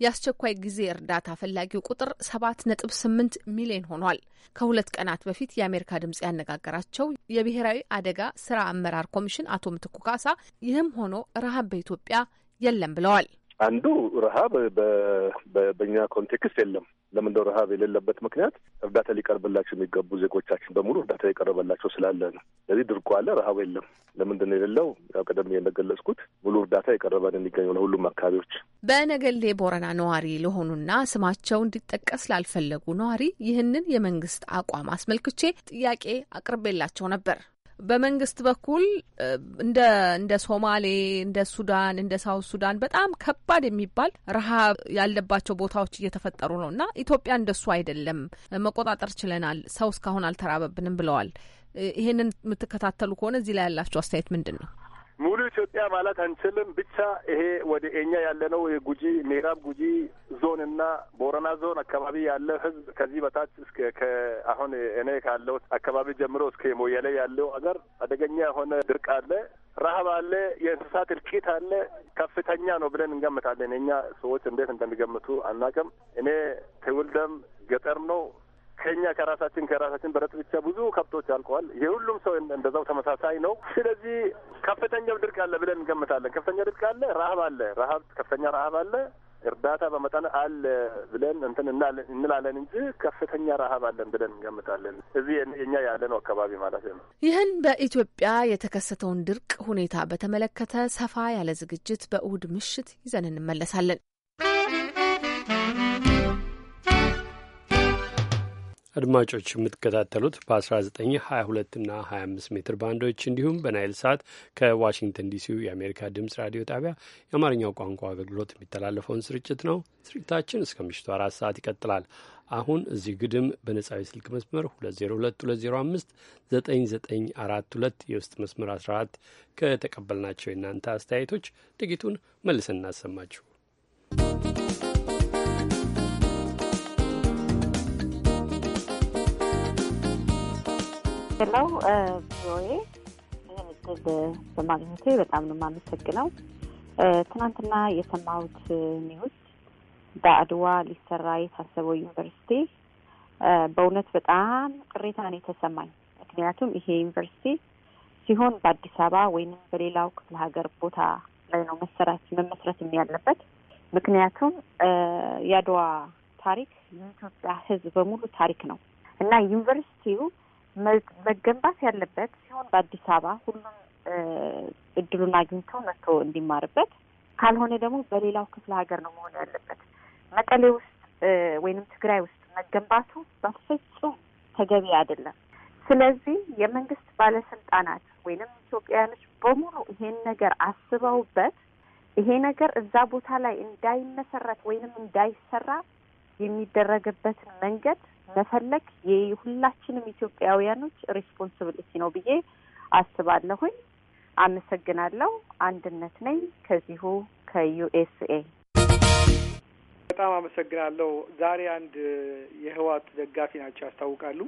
የአስቸኳይ ጊዜ እርዳታ ፈላጊው ቁጥር ሰባት ነጥብ ስምንት ሚሊዮን ሆኗል። ከሁለት ቀናት በፊት የአሜሪካ ድምጽ ያነጋገራቸው የብሔራዊ አደጋ ስራ አመራር ኮሚሽን አቶ ምትኩ ካሳ ይህም ሆኖ ረሃብ በኢትዮጵያ የለም ብለዋል። አንዱ ረሀብ በኛ ኮንቴክስት የለም። ለምን እንደው ረሀብ የሌለበት ምክንያት እርዳታ ሊቀርብላቸው የሚገቡ ዜጎቻችን በሙሉ እርዳታ የቀረበላቸው ስላለ ነው። ስለዚህ ድርቁ አለ፣ ረሀብ የለም። ለምንድነው የሌለው? ያው ቀደም እንደገለጽኩት ሙሉ እርዳታ የቀረበን የሚገኘው ለሁሉም አካባቢዎች። በነገሌ ቦረና ነዋሪ ለሆኑና ስማቸው እንዲጠቀስ ላልፈለጉ ነዋሪ ይህንን የመንግስት አቋም አስመልክቼ ጥያቄ አቅርቤላቸው ነበር። በመንግስት በኩል እንደ እንደ ሶማሌ እንደ ሱዳን እንደ ሳውት ሱዳን በጣም ከባድ የሚባል ረሃብ ያለባቸው ቦታዎች እየተፈጠሩ ነው እና ኢትዮጵያ እንደሱ አይደለም፣ መቆጣጠር ችለናል፣ ሰው እስካሁን አልተራበብንም ብለዋል። ይህንን የምትከታተሉ ከሆነ እዚህ ላይ ያላቸው አስተያየት ምንድን ነው? ሙሉ ኢትዮጵያ ማለት አንችልም። ብቻ ይሄ ወደ እኛ ያለነው የጉጂ ምዕራብ ጉጂ እና ቦረና ዞን አካባቢ ያለ ህዝብ ከዚህ በታች እስከ አሁን እኔ ካለው አካባቢ ጀምሮ እስከ ሞያሌ ያለው አገር አደገኛ የሆነ ድርቅ አለ፣ ረሀብ አለ፣ የእንስሳት እልቂት አለ። ከፍተኛ ነው ብለን እንገምታለን። እኛ ሰዎች እንዴት እንደሚገምቱ አናቅም። እኔ ትውልደም ገጠር ነው ከኛ ከራሳችን ከራሳችን በረት ብቻ ብዙ ከብቶች አልቀዋል። የሁሉም ሰው እንደዛው ተመሳሳይ ነው። ስለዚህ ከፍተኛው ድርቅ አለ ብለን እንገምታለን። ከፍተኛ ድርቅ አለ፣ ረሀብ አለ፣ ረሀብ ከፍተኛ ረሀብ አለ። እርዳታ በመጠን አለ ብለን እንትን እንላለን እንጂ ከፍተኛ ረሀብ አለን ብለን እንገምታለን። እዚህ የኛ ያለ ነው አካባቢ ማለት ነው። ይህን በኢትዮጵያ የተከሰተውን ድርቅ ሁኔታ በተመለከተ ሰፋ ያለ ዝግጅት በእሁድ ምሽት ይዘን እንመለሳለን። አድማጮች የምትከታተሉት በ1922 እና 25 ሜትር ባንዶች እንዲሁም በናይል ሰዓት ከዋሽንግተን ዲሲው የአሜሪካ ድምፅ ራዲዮ ጣቢያ የአማርኛው ቋንቋ አገልግሎት የሚተላለፈውን ስርጭት ነው። ስርጭታችን እስከ ምሽቱ አራት ሰዓት ይቀጥላል። አሁን እዚህ ግድም በነጻዊ ስልክ መስመር 2022059942 የውስጥ መስመር 14 ከተቀበልናቸው የእናንተ አስተያየቶች ጥቂቱን መልሰን እናሰማችሁ። ስለው ቪኦኤ ይህን እድል በማግኘቴ በጣም ነው የማመሰግነው። ትናንትና የሰማሁት ኒውስ በአድዋ ሊሰራ የታሰበው ዩኒቨርሲቲ በእውነት በጣም ቅሬታ ነው የተሰማኝ። ምክንያቱም ይሄ ዩኒቨርሲቲ ሲሆን በአዲስ አበባ ወይንም በሌላው ክፍለ ሀገር ቦታ ላይ ነው መሰራት መመስረት የሚያለበት። ምክንያቱም የአድዋ ታሪክ የኢትዮጵያ ሕዝብ በሙሉ ታሪክ ነው እና ዩኒቨርሲቲው መገንባት ያለበት ሲሆን በአዲስ አበባ ሁሉም እድሉን አግኝተው መጥቶ እንዲማርበት፣ ካልሆነ ደግሞ በሌላው ክፍለ ሀገር ነው መሆን ያለበት። መቀሌ ውስጥ ወይንም ትግራይ ውስጥ መገንባቱ በፍጹም ተገቢ አይደለም። ስለዚህ የመንግስት ባለስልጣናት ወይንም ኢትዮጵያውያኖች በሙሉ ይሄን ነገር አስበውበት ይሄ ነገር እዛ ቦታ ላይ እንዳይመሰረት ወይንም እንዳይሰራ የሚደረግበትን መንገድ መፈለግ የሁላችንም ኢትዮጵያውያኖች ሪስፖንስብሊቲ ነው ብዬ አስባለሁኝ። አመሰግናለሁ። አንድነት ነኝ ከዚሁ ከዩኤስኤ በጣም አመሰግናለሁ። ዛሬ አንድ የህወሓት ደጋፊ ናቸው ያስታውቃሉ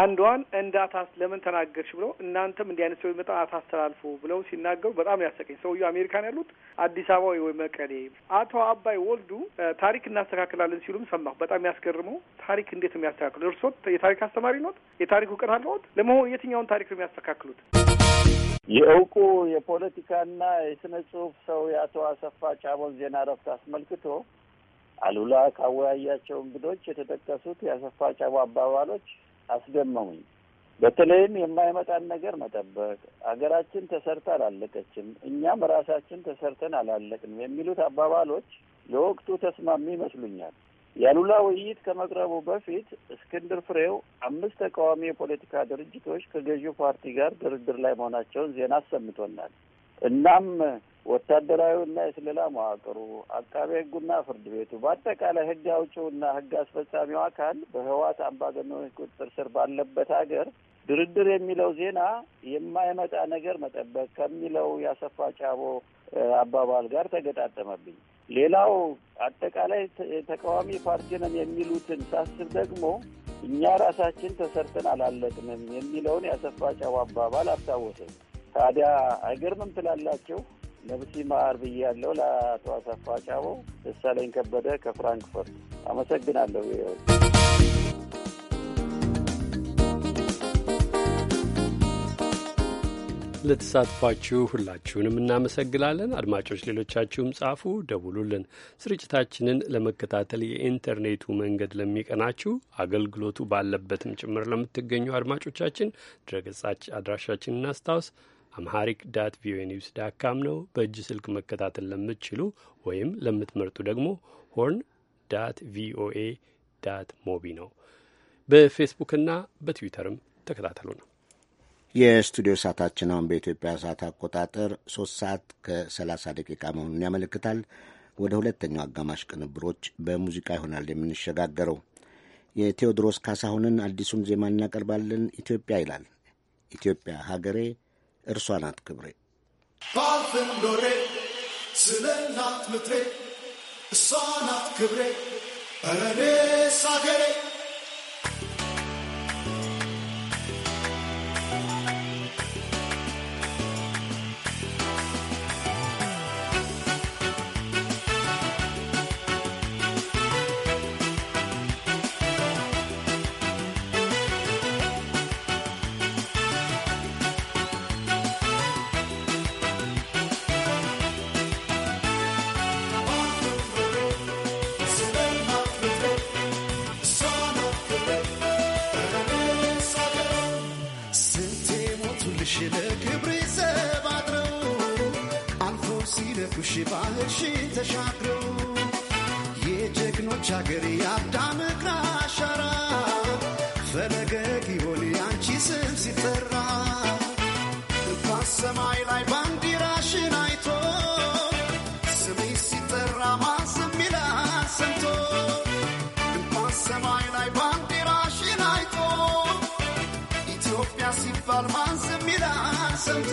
አንዷን እንደ አታስ ለምን ተናገርሽ ብለው እናንተም እንዲህ አይነት ሰው ይመጣ አታስተላልፉ ብለው ሲናገሩ በጣም ያሰቀኝ። ሰውዬው አሜሪካን ያሉት አዲስ አበባ ወይ መቀሌ። አቶ አባይ ወልዱ ታሪክ እናስተካክላለን ሲሉም ሰማሁ። በጣም ያስገርመው ታሪክ እንዴት ነው የሚያስተካክሉት? እርሶ የታሪክ አስተማሪ ኖት? የታሪክ እውቀት አለዎት? ለመሆኑ የትኛውን ታሪክ ነው የሚያስተካክሉት? የእውቁ የፖለቲካና የስነ ጽሁፍ ሰው የአቶ አሰፋ ጫቦን ዜና እረፍት አስመልክቶ አሉላ ካወያያቸው እንግዶች የተጠቀሱት የአሰፋ ጫቦ አባባሎች አስደመሙኝ። በተለይም የማይመጣን ነገር መጠበቅ፣ አገራችን ተሰርታ አላለቀችም፣ እኛም ራሳችን ተሰርተን አላለቅንም የሚሉት አባባሎች ለወቅቱ ተስማሚ ይመስሉኛል። የአሉላ ውይይት ከመቅረቡ በፊት እስክንድር ፍሬው አምስት ተቃዋሚ የፖለቲካ ድርጅቶች ከገዢው ፓርቲ ጋር ድርድር ላይ መሆናቸውን ዜና አሰምቶናል። እናም ወታደራዊውና የስለላ መዋቅሩ፣ አቃቤ ህጉና ፍርድ ቤቱ፣ በአጠቃላይ ህግ አውጪውና ህግ አስፈጻሚው አካል በህወሓት አምባገነኖች ቁጥጥር ስር ባለበት ሀገር ድርድር የሚለው ዜና የማይመጣ ነገር መጠበቅ ከሚለው ያሰፋ ጫቦ አባባል ጋር ተገጣጠመብኝ። ሌላው አጠቃላይ ተቃዋሚ ፓርቲ ነን የሚሉትን ሳስብ ደግሞ እኛ ራሳችን ተሰርተን አላለቅንም የሚለውን ያሰፋ ጫቦ አባባል አስታወሰኝ። ታዲያ አይገርምም ትላላችሁ? ነብሲ ማር ብዬ ያለው ለአቶ አሰፋ ጫቦ፣ ደሳለኝ ከበደ ከፍራንክፈርት አመሰግናለሁ። ለተሳትፏችሁ ሁላችሁንም እናመሰግናለን። አድማጮች ሌሎቻችሁም ጻፉ፣ ደውሉልን። ስርጭታችንን ለመከታተል የኢንተርኔቱ መንገድ ለሚቀናችሁ አገልግሎቱ ባለበትም ጭምር ለምትገኙ አድማጮቻችን ድረገጻች አድራሻችን እናስታውስ አምሃሪክ ዳት ቪኦኤ ኒውስ ዳት ካም ነው። በእጅ ስልክ መከታተል ለምትችሉ ወይም ለምትመርጡ ደግሞ ሆርን ዳት ቪኦኤ ዳት ሞቢ ነው። በፌስቡክና በትዊተርም ተከታተሉ ነው። የስቱዲዮ ሰዓታችን አሁን በኢትዮጵያ ሰዓት አቆጣጠር ሶስት ሰዓት ከሰላሳ ደቂቃ መሆኑን ያመለክታል። ወደ ሁለተኛው አጋማሽ ቅንብሮች በሙዚቃ ይሆናል የምንሸጋገረው። የቴዎድሮስ ካሳሁንን አዲሱን ዜማ እናቀርባለን። ኢትዮጵያ ይላል ኢትዮጵያ ሀገሬ እርሷ ናት ክብሬ። ባፍንዶሬ ስለ እናት ምትሬ እሷ ናት ክብሬ እረኔ ሳገሬ ባልማን ስሚላ ሰምቶ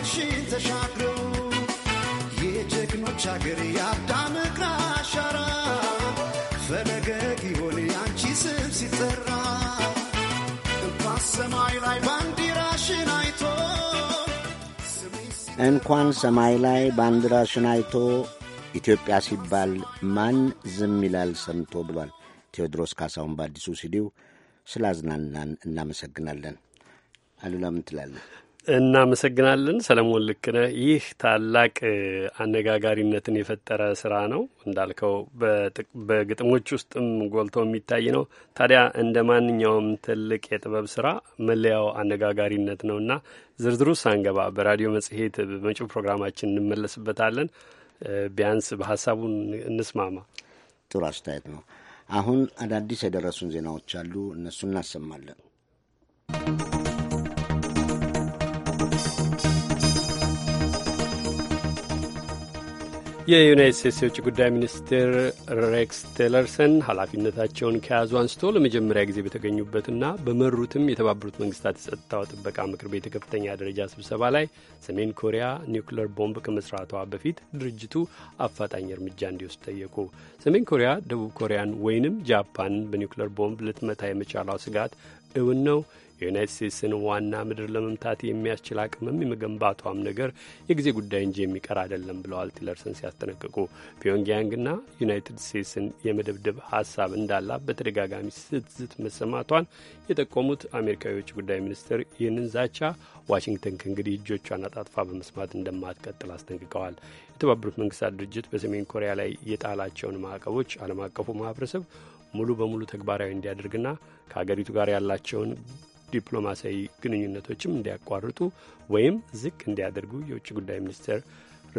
ድንበርሽን ተሻግሮ የጀግኖች አገር የአዳም አሻራ ፈለገ ጊዮን የአንቺ ስም ሲጠራ እንኳን ሰማይ ላይ ባንዲራሽን አይቶ እንኳን ሰማይ ላይ ባንዲራሽን አይቶ ኢትዮጵያ ሲባል ማን ዝም ይላል ሰምቶ ብሏል ቴዎድሮስ ካሳሁን በአዲሱ ሲዲው ስላዝናናን እናመሰግናለን። አሉላ ምን ትላለህ? እናመሰግናለን ሰለሞን ልክነህ። ይህ ታላቅ አነጋጋሪነትን የፈጠረ ስራ ነው እንዳልከው በግጥሞች ውስጥም ጎልቶ የሚታይ ነው። ታዲያ እንደ ማንኛውም ትልቅ የጥበብ ስራ መለያው አነጋጋሪነት ነው እና ዝርዝሩ ሳንገባ በራዲዮ መጽሔት በመጪው ፕሮግራማችን እንመለስበታለን። ቢያንስ በሀሳቡ እንስማማ። ጥሩ አስተያየት ነው። አሁን አዳዲስ የደረሱን ዜናዎች አሉ፣ እነሱ እናሰማለን። የዩናይት ስቴትስ የውጭ ጉዳይ ሚኒስትር ሬክስ ቴለርሰን ኃላፊነታቸውን ከያዙ አንስቶ ለመጀመሪያ ጊዜ በተገኙበትና በመሩትም የተባበሩት መንግስታት የጸጥታው ጥበቃ ምክር ቤት ከፍተኛ ደረጃ ስብሰባ ላይ ሰሜን ኮሪያ ኒውክሌር ቦምብ ከመስራቷ በፊት ድርጅቱ አፋጣኝ እርምጃ እንዲወስድ ጠየቁ። ሰሜን ኮሪያ ደቡብ ኮሪያን ወይንም ጃፓንን በኒውክሌር ቦምብ ልትመታ የመቻሏ ስጋት እውን ነው የዩናይት ስቴትስን ዋና ምድር ለመምታት የሚያስችል አቅምም የመገንባቷም ነገር የጊዜ ጉዳይ እንጂ የሚቀር አይደለም ብለዋል ቲለርሰን ሲያስጠነቅቁ። ፒዮንግያንግና ዩናይትድ ስቴትስን የመደብደብ ሀሳብ እንዳላት በተደጋጋሚ ስትዝት መሰማቷን የጠቆሙት አሜሪካዊ የውጭ ጉዳይ ሚኒስትር ይህንን ዛቻ ዋሽንግተን ከእንግዲህ እጆቿን አጣጥፋ በመስማት እንደማትቀጥል አስጠንቅቀዋል። የተባበሩት መንግስታት ድርጅት በሰሜን ኮሪያ ላይ የጣላቸውን ማዕቀቦች ዓለም አቀፉ ማህበረሰብ ሙሉ በሙሉ ተግባራዊ እንዲያደርግና ከሀገሪቱ ጋር ያላቸውን ዲፕሎማሲያዊ ግንኙነቶችም እንዲያቋርጡ ወይም ዝቅ እንዲያደርጉ የውጭ ጉዳይ ሚኒስትር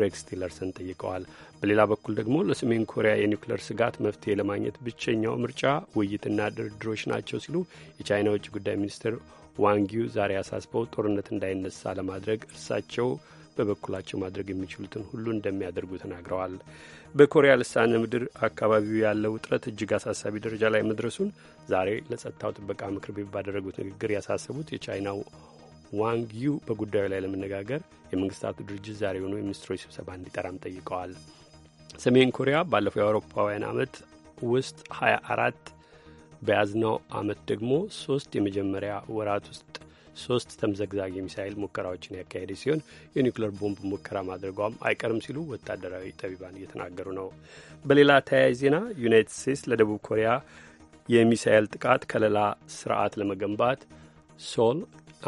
ሬክስ ቲለርሰን ጠይቀዋል። በሌላ በኩል ደግሞ ለሰሜን ኮሪያ የኒውክሌር ስጋት መፍትሄ ለማግኘት ብቸኛው ምርጫ ውይይትና ድርድሮች ናቸው ሲሉ የቻይና ውጭ ጉዳይ ሚኒስትር ዋንጊው ዛሬ አሳስበው ጦርነት እንዳይነሳ ለማድረግ እርሳቸው በበኩላቸው ማድረግ የሚችሉትን ሁሉ እንደሚያደርጉ ተናግረዋል። በኮሪያ ልሳነ ምድር አካባቢው ያለው ውጥረት እጅግ አሳሳቢ ደረጃ ላይ መድረሱን ዛሬ ለጸጥታው ጥበቃ ምክር ቤት ባደረጉት ንግግር ያሳሰቡት የቻይናው ዋንግ ዩ በጉዳዩ ላይ ለመነጋገር የመንግስታቱ ድርጅት ዛሬ ሆኖ የሚኒስትሮች ስብሰባ እንዲጠራም ጠይቀዋል። ሰሜን ኮሪያ ባለፈው የአውሮፓውያን ዓመት ውስጥ 24 በያዝነው ዓመት ደግሞ ሶስት የመጀመሪያ ወራት ውስጥ ሶስት ተምዘግዛጊ ሚሳይል ሙከራዎችን ያካሄደ ሲሆን የኒውክሌር ቦምብ ሙከራ ማድረጓም አይቀርም ሲሉ ወታደራዊ ጠቢባን እየተናገሩ ነው። በሌላ ተያያዥ ዜና ዩናይትድ ስቴትስ ለደቡብ ኮሪያ የሚሳኤል ጥቃት ከለላ ስርዓት ለመገንባት ሶል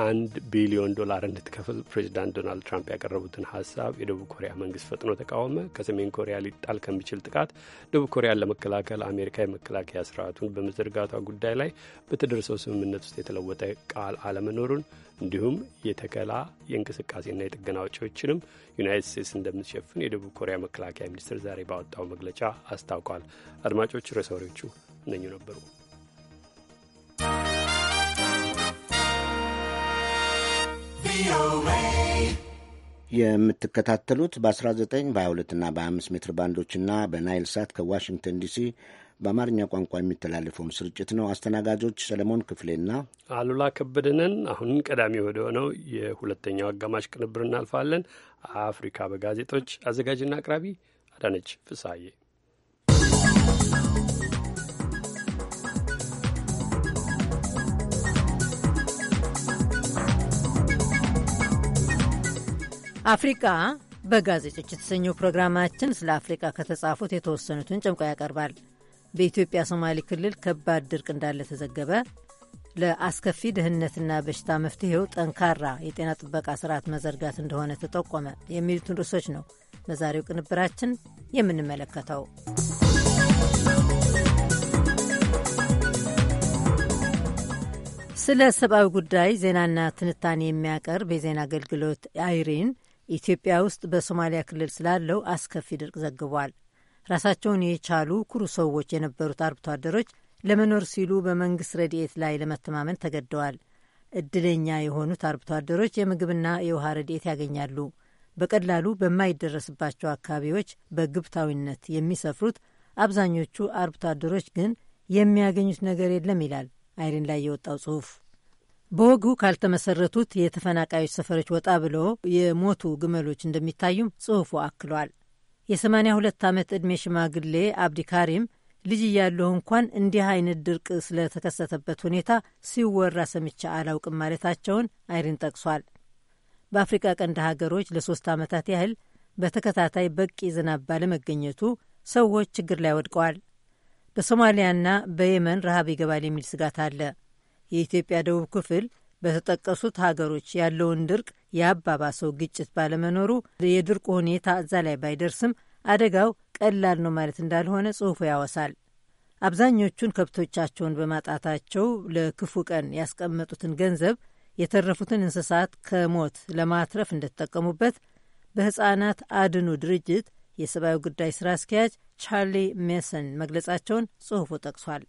አንድ ቢሊዮን ዶላር እንድትከፍል ፕሬዚዳንት ዶናልድ ትራምፕ ያቀረቡትን ሀሳብ የደቡብ ኮሪያ መንግስት ፈጥኖ ተቃወመ። ከሰሜን ኮሪያ ሊጣል ከሚችል ጥቃት ደቡብ ኮሪያን ለመከላከል አሜሪካ የመከላከያ ስርዓቱን በመዘርጋቷ ጉዳይ ላይ በተደረሰው ስምምነት ውስጥ የተለወጠ ቃል አለመኖሩን እንዲሁም የተከላ የእንቅስቃሴና የጥገና ወጪዎችንም ዩናይት ስቴትስ እንደምትሸፍን የደቡብ ኮሪያ መከላከያ ሚኒስትር ዛሬ ባወጣው መግለጫ አስታውቋል። አድማጮች ርዕሰ ወሬዎቹ እነኙ ነበሩ። የምትከታተሉት በ19 በ22ና በ25 ሜትር ባንዶችና በናይል ሳት ከዋሽንግተን ዲሲ በአማርኛ ቋንቋ የሚተላለፈውን ስርጭት ነው። አስተናጋጆች ሰለሞን ክፍሌና አሉላ ከበደነን። አሁን ቀዳሚ ወደ ሆነው የሁለተኛው አጋማሽ ቅንብር እናልፋለን። አፍሪካ በጋዜጦች አዘጋጅና አቅራቢ አዳነች ፍሳዬ አፍሪቃ በጋዜጦች የተሰኘው ፕሮግራማችን ስለ አፍሪቃ ከተጻፉት የተወሰኑትን ጨምቆ ያቀርባል። በኢትዮጵያ ሶማሌ ክልል ከባድ ድርቅ እንዳለ ተዘገበ። ለአስከፊ ድህነትና በሽታ መፍትሄው ጠንካራ የጤና ጥበቃ ስርዓት መዘርጋት እንደሆነ ተጠቆመ። የሚሉትን ርዕሶች ነው በዛሬው ቅንብራችን የምንመለከተው። ስለ ሰብአዊ ጉዳይ ዜናና ትንታኔ የሚያቀርብ የዜና አገልግሎት አይሪን ኢትዮጵያ ውስጥ በሶማሊያ ክልል ስላለው አስከፊ ድርቅ ዘግቧል። ራሳቸውን የቻሉ ኩሩ ሰዎች የነበሩት አርብቶ አደሮች ለመኖር ሲሉ በመንግስት ረድኤት ላይ ለመተማመን ተገደዋል። እድለኛ የሆኑት አርብቶ አደሮች የምግብና የውሃ ረድኤት ያገኛሉ። በቀላሉ በማይደረስባቸው አካባቢዎች በግብታዊነት የሚሰፍሩት አብዛኞቹ አርብቶ አደሮች ግን የሚያገኙት ነገር የለም ይላል አይሪን ላይ የወጣው ጽሑፍ። በወጉ ካልተመሰረቱት የተፈናቃዮች ሰፈሮች ወጣ ብሎ የሞቱ ግመሎች እንደሚታዩም ጽሑፉ አክሏል። የ82 ዓመት ዕድሜ ሽማግሌ አብዲ ካሪም ልጅ እያለሁ እንኳን እንዲህ አይነት ድርቅ ስለተከሰተበት ሁኔታ ሲወራ ሰምቼ አላውቅም ማለታቸውን አይሪን ጠቅሷል። በአፍሪቃ ቀንድ ሀገሮች ለሶስት ዓመታት ያህል በተከታታይ በቂ ዝናብ ባለመገኘቱ ሰዎች ችግር ላይ ወድቀዋል። በሶማሊያና በየመን ረሃብ ይገባል የሚል ስጋት አለ። የኢትዮጵያ ደቡብ ክፍል በተጠቀሱት ሀገሮች ያለውን ድርቅ የአባባሰው ግጭት ባለመኖሩ የድርቁ ሁኔታ እዛ ላይ ባይደርስም አደጋው ቀላል ነው ማለት እንዳልሆነ ጽሑፉ ያወሳል። አብዛኞቹን ከብቶቻቸውን በማጣታቸው ለክፉ ቀን ያስቀመጡትን ገንዘብ የተረፉትን እንስሳት ከሞት ለማትረፍ እንደተጠቀሙበት በሕፃናት አድኑ ድርጅት የሰብአዊ ጉዳይ ስራ አስኪያጅ ቻርሊ ሜሰን መግለጻቸውን ጽሑፉ ጠቅሷል።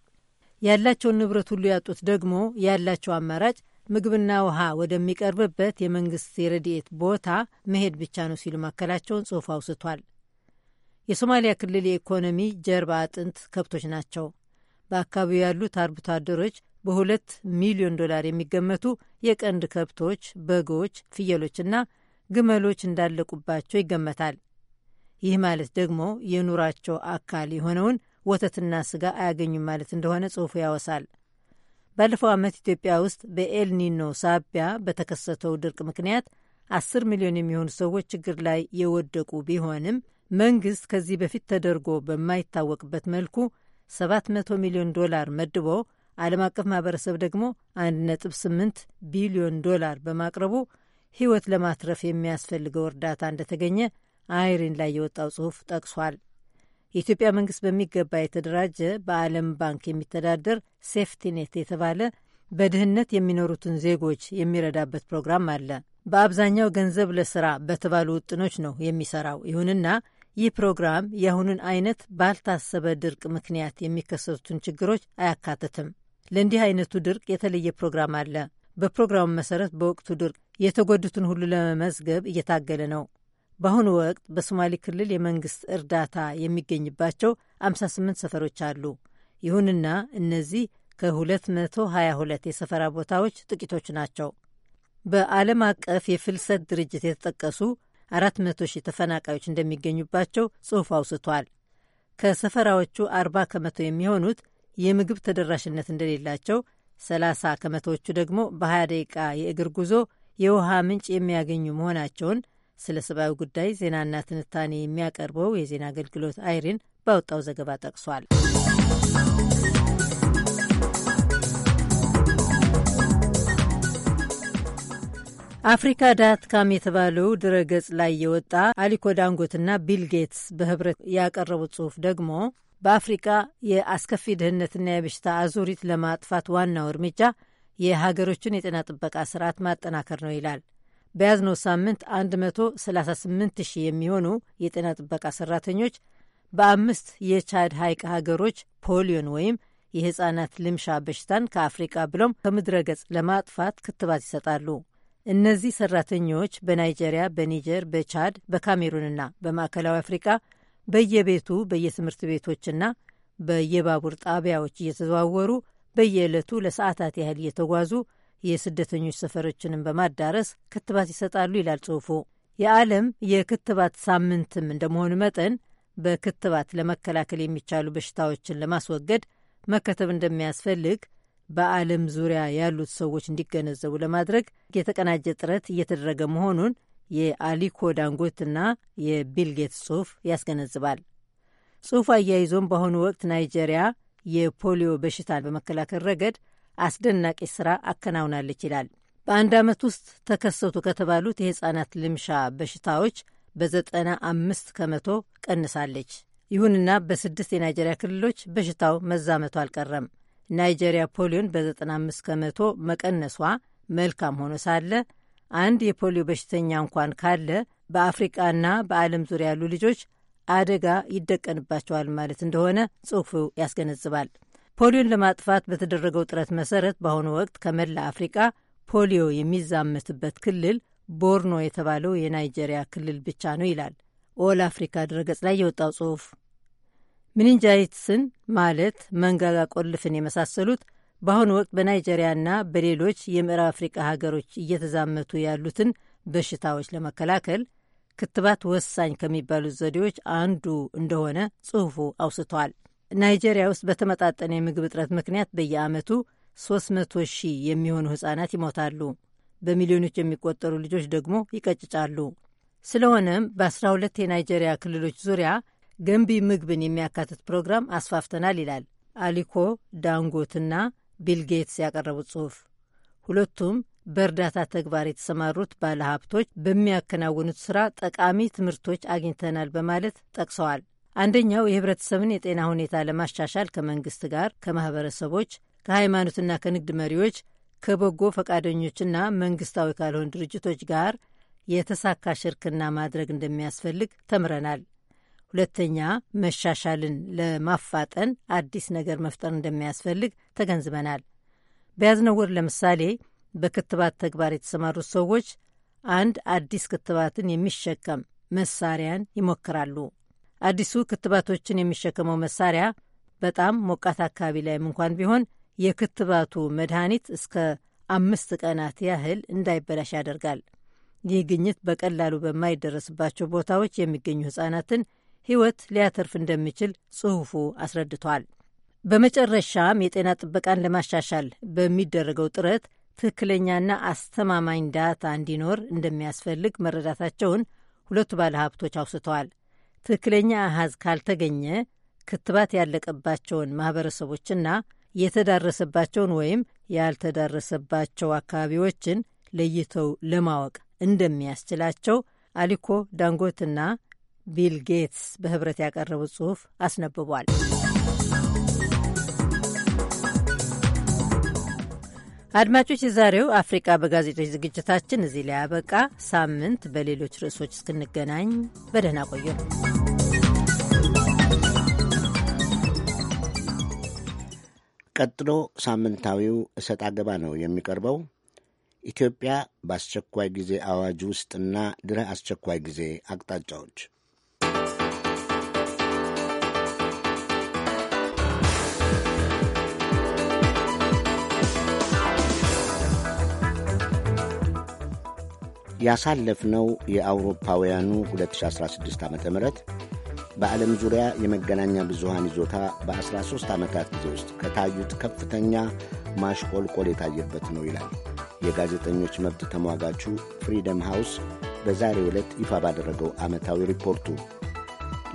ያላቸውን ንብረት ሁሉ ያጡት ደግሞ ያላቸው አማራጭ ምግብና ውሃ ወደሚቀርብበት የመንግስት የረድኤት ቦታ መሄድ ብቻ ነው ሲሉ ማከላቸውን ጽሑፍ አውስቷል። የሶማሊያ ክልል የኢኮኖሚ ጀርባ አጥንት ከብቶች ናቸው። በአካባቢው ያሉት አርብቶ አደሮች በሁለት ሚሊዮን ዶላር የሚገመቱ የቀንድ ከብቶች፣ በጎች፣ ፍየሎችና ግመሎች እንዳለቁባቸው ይገመታል። ይህ ማለት ደግሞ የኑራቸው አካል የሆነውን ወተትና ስጋ አያገኙም ማለት እንደሆነ ጽሑፉ ያወሳል። ባለፈው ዓመት ኢትዮጵያ ውስጥ በኤልኒኖ ሳቢያ በተከሰተው ድርቅ ምክንያት አስር ሚሊዮን የሚሆኑ ሰዎች ችግር ላይ የወደቁ ቢሆንም መንግስት ከዚህ በፊት ተደርጎ በማይታወቅበት መልኩ 700 ሚሊዮን ዶላር መድቦ ዓለም አቀፍ ማህበረሰብ ደግሞ 1.8 ቢሊዮን ዶላር በማቅረቡ ሕይወት ለማትረፍ የሚያስፈልገው እርዳታ እንደተገኘ አይሪን ላይ የወጣው ጽሑፍ ጠቅሷል። የኢትዮጵያ መንግስት በሚገባ የተደራጀ በዓለም ባንክ የሚተዳደር ሴፍቲኔት የተባለ በድህነት የሚኖሩትን ዜጎች የሚረዳበት ፕሮግራም አለ። በአብዛኛው ገንዘብ ለስራ በተባሉ ውጥኖች ነው የሚሰራው። ይሁንና ይህ ፕሮግራም የአሁኑን አይነት ባልታሰበ ድርቅ ምክንያት የሚከሰቱትን ችግሮች አያካትትም። ለእንዲህ አይነቱ ድርቅ የተለየ ፕሮግራም አለ። በፕሮግራሙ መሰረት በወቅቱ ድርቅ የተጎዱትን ሁሉ ለመመዝገብ እየታገለ ነው። በአሁኑ ወቅት በሶማሌ ክልል የመንግስት እርዳታ የሚገኝባቸው 58 ሰፈሮች አሉ። ይሁንና እነዚህ ከ222 የሰፈራ ቦታዎች ጥቂቶች ናቸው። በዓለም አቀፍ የፍልሰት ድርጅት የተጠቀሱ 400 ሺህ ተፈናቃዮች እንደሚገኙባቸው ጽሑፍ አውስቷል። ከሰፈራዎቹ 40 ከመቶ የሚሆኑት የምግብ ተደራሽነት እንደሌላቸው፣ 30 ከመቶዎቹ ደግሞ በ20 ደቂቃ የእግር ጉዞ የውሃ ምንጭ የሚያገኙ መሆናቸውን ስለ ሰብአዊ ጉዳይ ዜናና ትንታኔ የሚያቀርበው የዜና አገልግሎት አይሪን ባወጣው ዘገባ ጠቅሷል። አፍሪካ ዳት ካም የተባለው ድረገጽ ላይ የወጣ አሊኮ ዳንጎትና ቢል ጌትስ በህብረት ያቀረቡት ጽሑፍ ደግሞ በአፍሪቃ የአስከፊ ድህነትና የበሽታ አዙሪት ለማጥፋት ዋናው እርምጃ የሀገሮችን የጤና ጥበቃ ስርዓት ማጠናከር ነው ይላል። በያዝነው ሳምንት 138 ሺህ የሚሆኑ የጤና ጥበቃ ሰራተኞች በአምስት የቻድ ሐይቅ ሀገሮች ፖሊዮን ወይም የሕፃናት ልምሻ በሽታን ከአፍሪቃ ብሎም ከምድረ ገጽ ለማጥፋት ክትባት ይሰጣሉ። እነዚህ ሰራተኞች በናይጄሪያ፣ በኒጀር፣ በቻድ፣ በካሜሩንና በማዕከላዊ አፍሪቃ በየቤቱ በየትምህርት ቤቶችና በየባቡር ጣቢያዎች እየተዘዋወሩ በየዕለቱ ለሰዓታት ያህል እየተጓዙ የስደተኞች ሰፈሮችንም በማዳረስ ክትባት ይሰጣሉ ይላል ጽሑፉ። የዓለም የክትባት ሳምንትም እንደመሆኑ መጠን በክትባት ለመከላከል የሚቻሉ በሽታዎችን ለማስወገድ መከተብ እንደሚያስፈልግ በዓለም ዙሪያ ያሉት ሰዎች እንዲገነዘቡ ለማድረግ የተቀናጀ ጥረት እየተደረገ መሆኑን የአሊኮ ዳንጎትና የቢል ጽሑፍ ያስገነዝባል። ጽሑፉ አያይዞም በአሁኑ ወቅት ናይጄሪያ የፖሊዮ በሽታን በመከላከል ረገድ አስደናቂ ስራ አከናውናለች ይላል። በአንድ ዓመት ውስጥ ተከሰቱ ከተባሉት የሕፃናት ልምሻ በሽታዎች በዘጠና አምስት ከመቶ ቀንሳለች። ይሁንና በስድስት የናይጄሪያ ክልሎች በሽታው መዛመቱ አልቀረም። ናይጄሪያ ፖሊዮን በዘጠና አምስት ከመቶ መቀነሷ መልካም ሆኖ ሳለ አንድ የፖሊዮ በሽተኛ እንኳን ካለ በአፍሪቃና በዓለም ዙሪያ ያሉ ልጆች አደጋ ይደቀንባቸዋል ማለት እንደሆነ ጽሑፉ ያስገነዝባል። ፖሊዮን ለማጥፋት በተደረገው ጥረት መሰረት በአሁኑ ወቅት ከመላ አፍሪቃ ፖሊዮ የሚዛመትበት ክልል ቦርኖ የተባለው የናይጄሪያ ክልል ብቻ ነው ይላል ኦል አፍሪካ ድረገጽ ላይ የወጣው ጽሑፍ። ምንንጃይትስን ማለት መንጋጋ ቆልፍን የመሳሰሉት በአሁኑ ወቅት በናይጄሪያና በሌሎች የምዕራብ አፍሪቃ ሀገሮች እየተዛመቱ ያሉትን በሽታዎች ለመከላከል ክትባት ወሳኝ ከሚባሉት ዘዴዎች አንዱ እንደሆነ ጽሑፉ አውስቷል። ናይጄሪያ ውስጥ በተመጣጠነ የምግብ እጥረት ምክንያት በየዓመቱ 300 ሺህ የሚሆኑ ሕፃናት ይሞታሉ። በሚሊዮኖች የሚቆጠሩ ልጆች ደግሞ ይቀጭጫሉ። ስለሆነም በ12 የናይጄሪያ ክልሎች ዙሪያ ገንቢ ምግብን የሚያካትት ፕሮግራም አስፋፍተናል ይላል አሊኮ ዳንጎትና ቢልጌትስ ያቀረቡት ጽሑፍ። ሁለቱም በእርዳታ ተግባር የተሰማሩት ባለሀብቶች በሚያከናውኑት ስራ ጠቃሚ ትምህርቶች አግኝተናል በማለት ጠቅሰዋል። አንደኛው የህብረተሰብን የጤና ሁኔታ ለማሻሻል ከመንግስት ጋር፣ ከማህበረሰቦች፣ ከሃይማኖትና ከንግድ መሪዎች፣ ከበጎ ፈቃደኞችና መንግስታዊ ካልሆኑ ድርጅቶች ጋር የተሳካ ሽርክና ማድረግ እንደሚያስፈልግ ተምረናል። ሁለተኛ መሻሻልን ለማፋጠን አዲስ ነገር መፍጠር እንደሚያስፈልግ ተገንዝበናል። በያዝነው ወር ለምሳሌ በክትባት ተግባር የተሰማሩት ሰዎች አንድ አዲስ ክትባትን የሚሸከም መሳሪያን ይሞክራሉ። አዲሱ ክትባቶችን የሚሸከመው መሳሪያ በጣም ሞቃት አካባቢ ላይም እንኳን ቢሆን የክትባቱ መድኃኒት እስከ አምስት ቀናት ያህል እንዳይበላሽ ያደርጋል። ይህ ግኝት በቀላሉ በማይደረስባቸው ቦታዎች የሚገኙ ሕፃናትን ሕይወት ሊያተርፍ እንደሚችል ጽሑፉ አስረድቷል። በመጨረሻም የጤና ጥበቃን ለማሻሻል በሚደረገው ጥረት ትክክለኛና አስተማማኝ ዳታ እንዲኖር እንደሚያስፈልግ መረዳታቸውን ሁለቱ ባለሀብቶች አውስተዋል። ትክክለኛ አሃዝ ካልተገኘ ክትባት ያለቀባቸውን ማህበረሰቦችና የተዳረሰባቸውን ወይም ያልተዳረሰባቸው አካባቢዎችን ለይተው ለማወቅ እንደሚያስችላቸው አሊኮ ዳንጎትና ቢል ጌትስ በህብረት ያቀረቡት ጽሑፍ አስነብቧል። አድማጮች፣ የዛሬው አፍሪቃ በጋዜጦች ዝግጅታችን እዚህ ላይ ያበቃ። ሳምንት በሌሎች ርዕሶች እስክንገናኝ በደህና ቆዩ። ቀጥሎ ሳምንታዊው እሰጥ አገባ ነው የሚቀርበው። ኢትዮጵያ በአስቸኳይ ጊዜ አዋጅ ውስጥና ድረ አስቸኳይ ጊዜ አቅጣጫዎች ያሳለፍነው የአውሮፓውያኑ 2016 ዓ ም በዓለም ዙሪያ የመገናኛ ብዙሃን ይዞታ በ13 ዓመታት ጊዜ ውስጥ ከታዩት ከፍተኛ ማሽቆልቆል የታየበት ነው ይላል የጋዜጠኞች መብት ተሟጋቹ ፍሪደም ሃውስ በዛሬ ዕለት ይፋ ባደረገው ዓመታዊ ሪፖርቱ።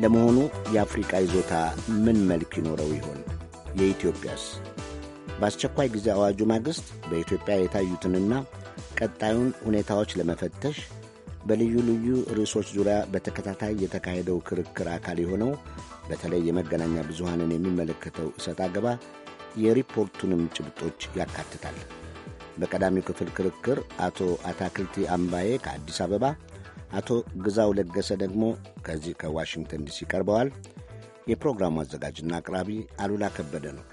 ለመሆኑ የአፍሪቃ ይዞታ ምን መልክ ይኖረው ይሆን? የኢትዮጵያስ? በአስቸኳይ ጊዜ አዋጁ ማግስት በኢትዮጵያ የታዩትንና ቀጣዩን ሁኔታዎች ለመፈተሽ በልዩ ልዩ ርዕሶች ዙሪያ በተከታታይ የተካሄደው ክርክር አካል የሆነው በተለይ የመገናኛ ብዙሃንን የሚመለከተው እሰጥ አገባ የሪፖርቱንም ጭብጦች ያካትታል። በቀዳሚው ክፍል ክርክር አቶ አታክልቲ አምባዬ ከአዲስ አበባ፣ አቶ ግዛው ለገሰ ደግሞ ከዚህ ከዋሽንግተን ዲሲ ቀርበዋል። የፕሮግራሙ አዘጋጅና አቅራቢ አሉላ ከበደ ነው።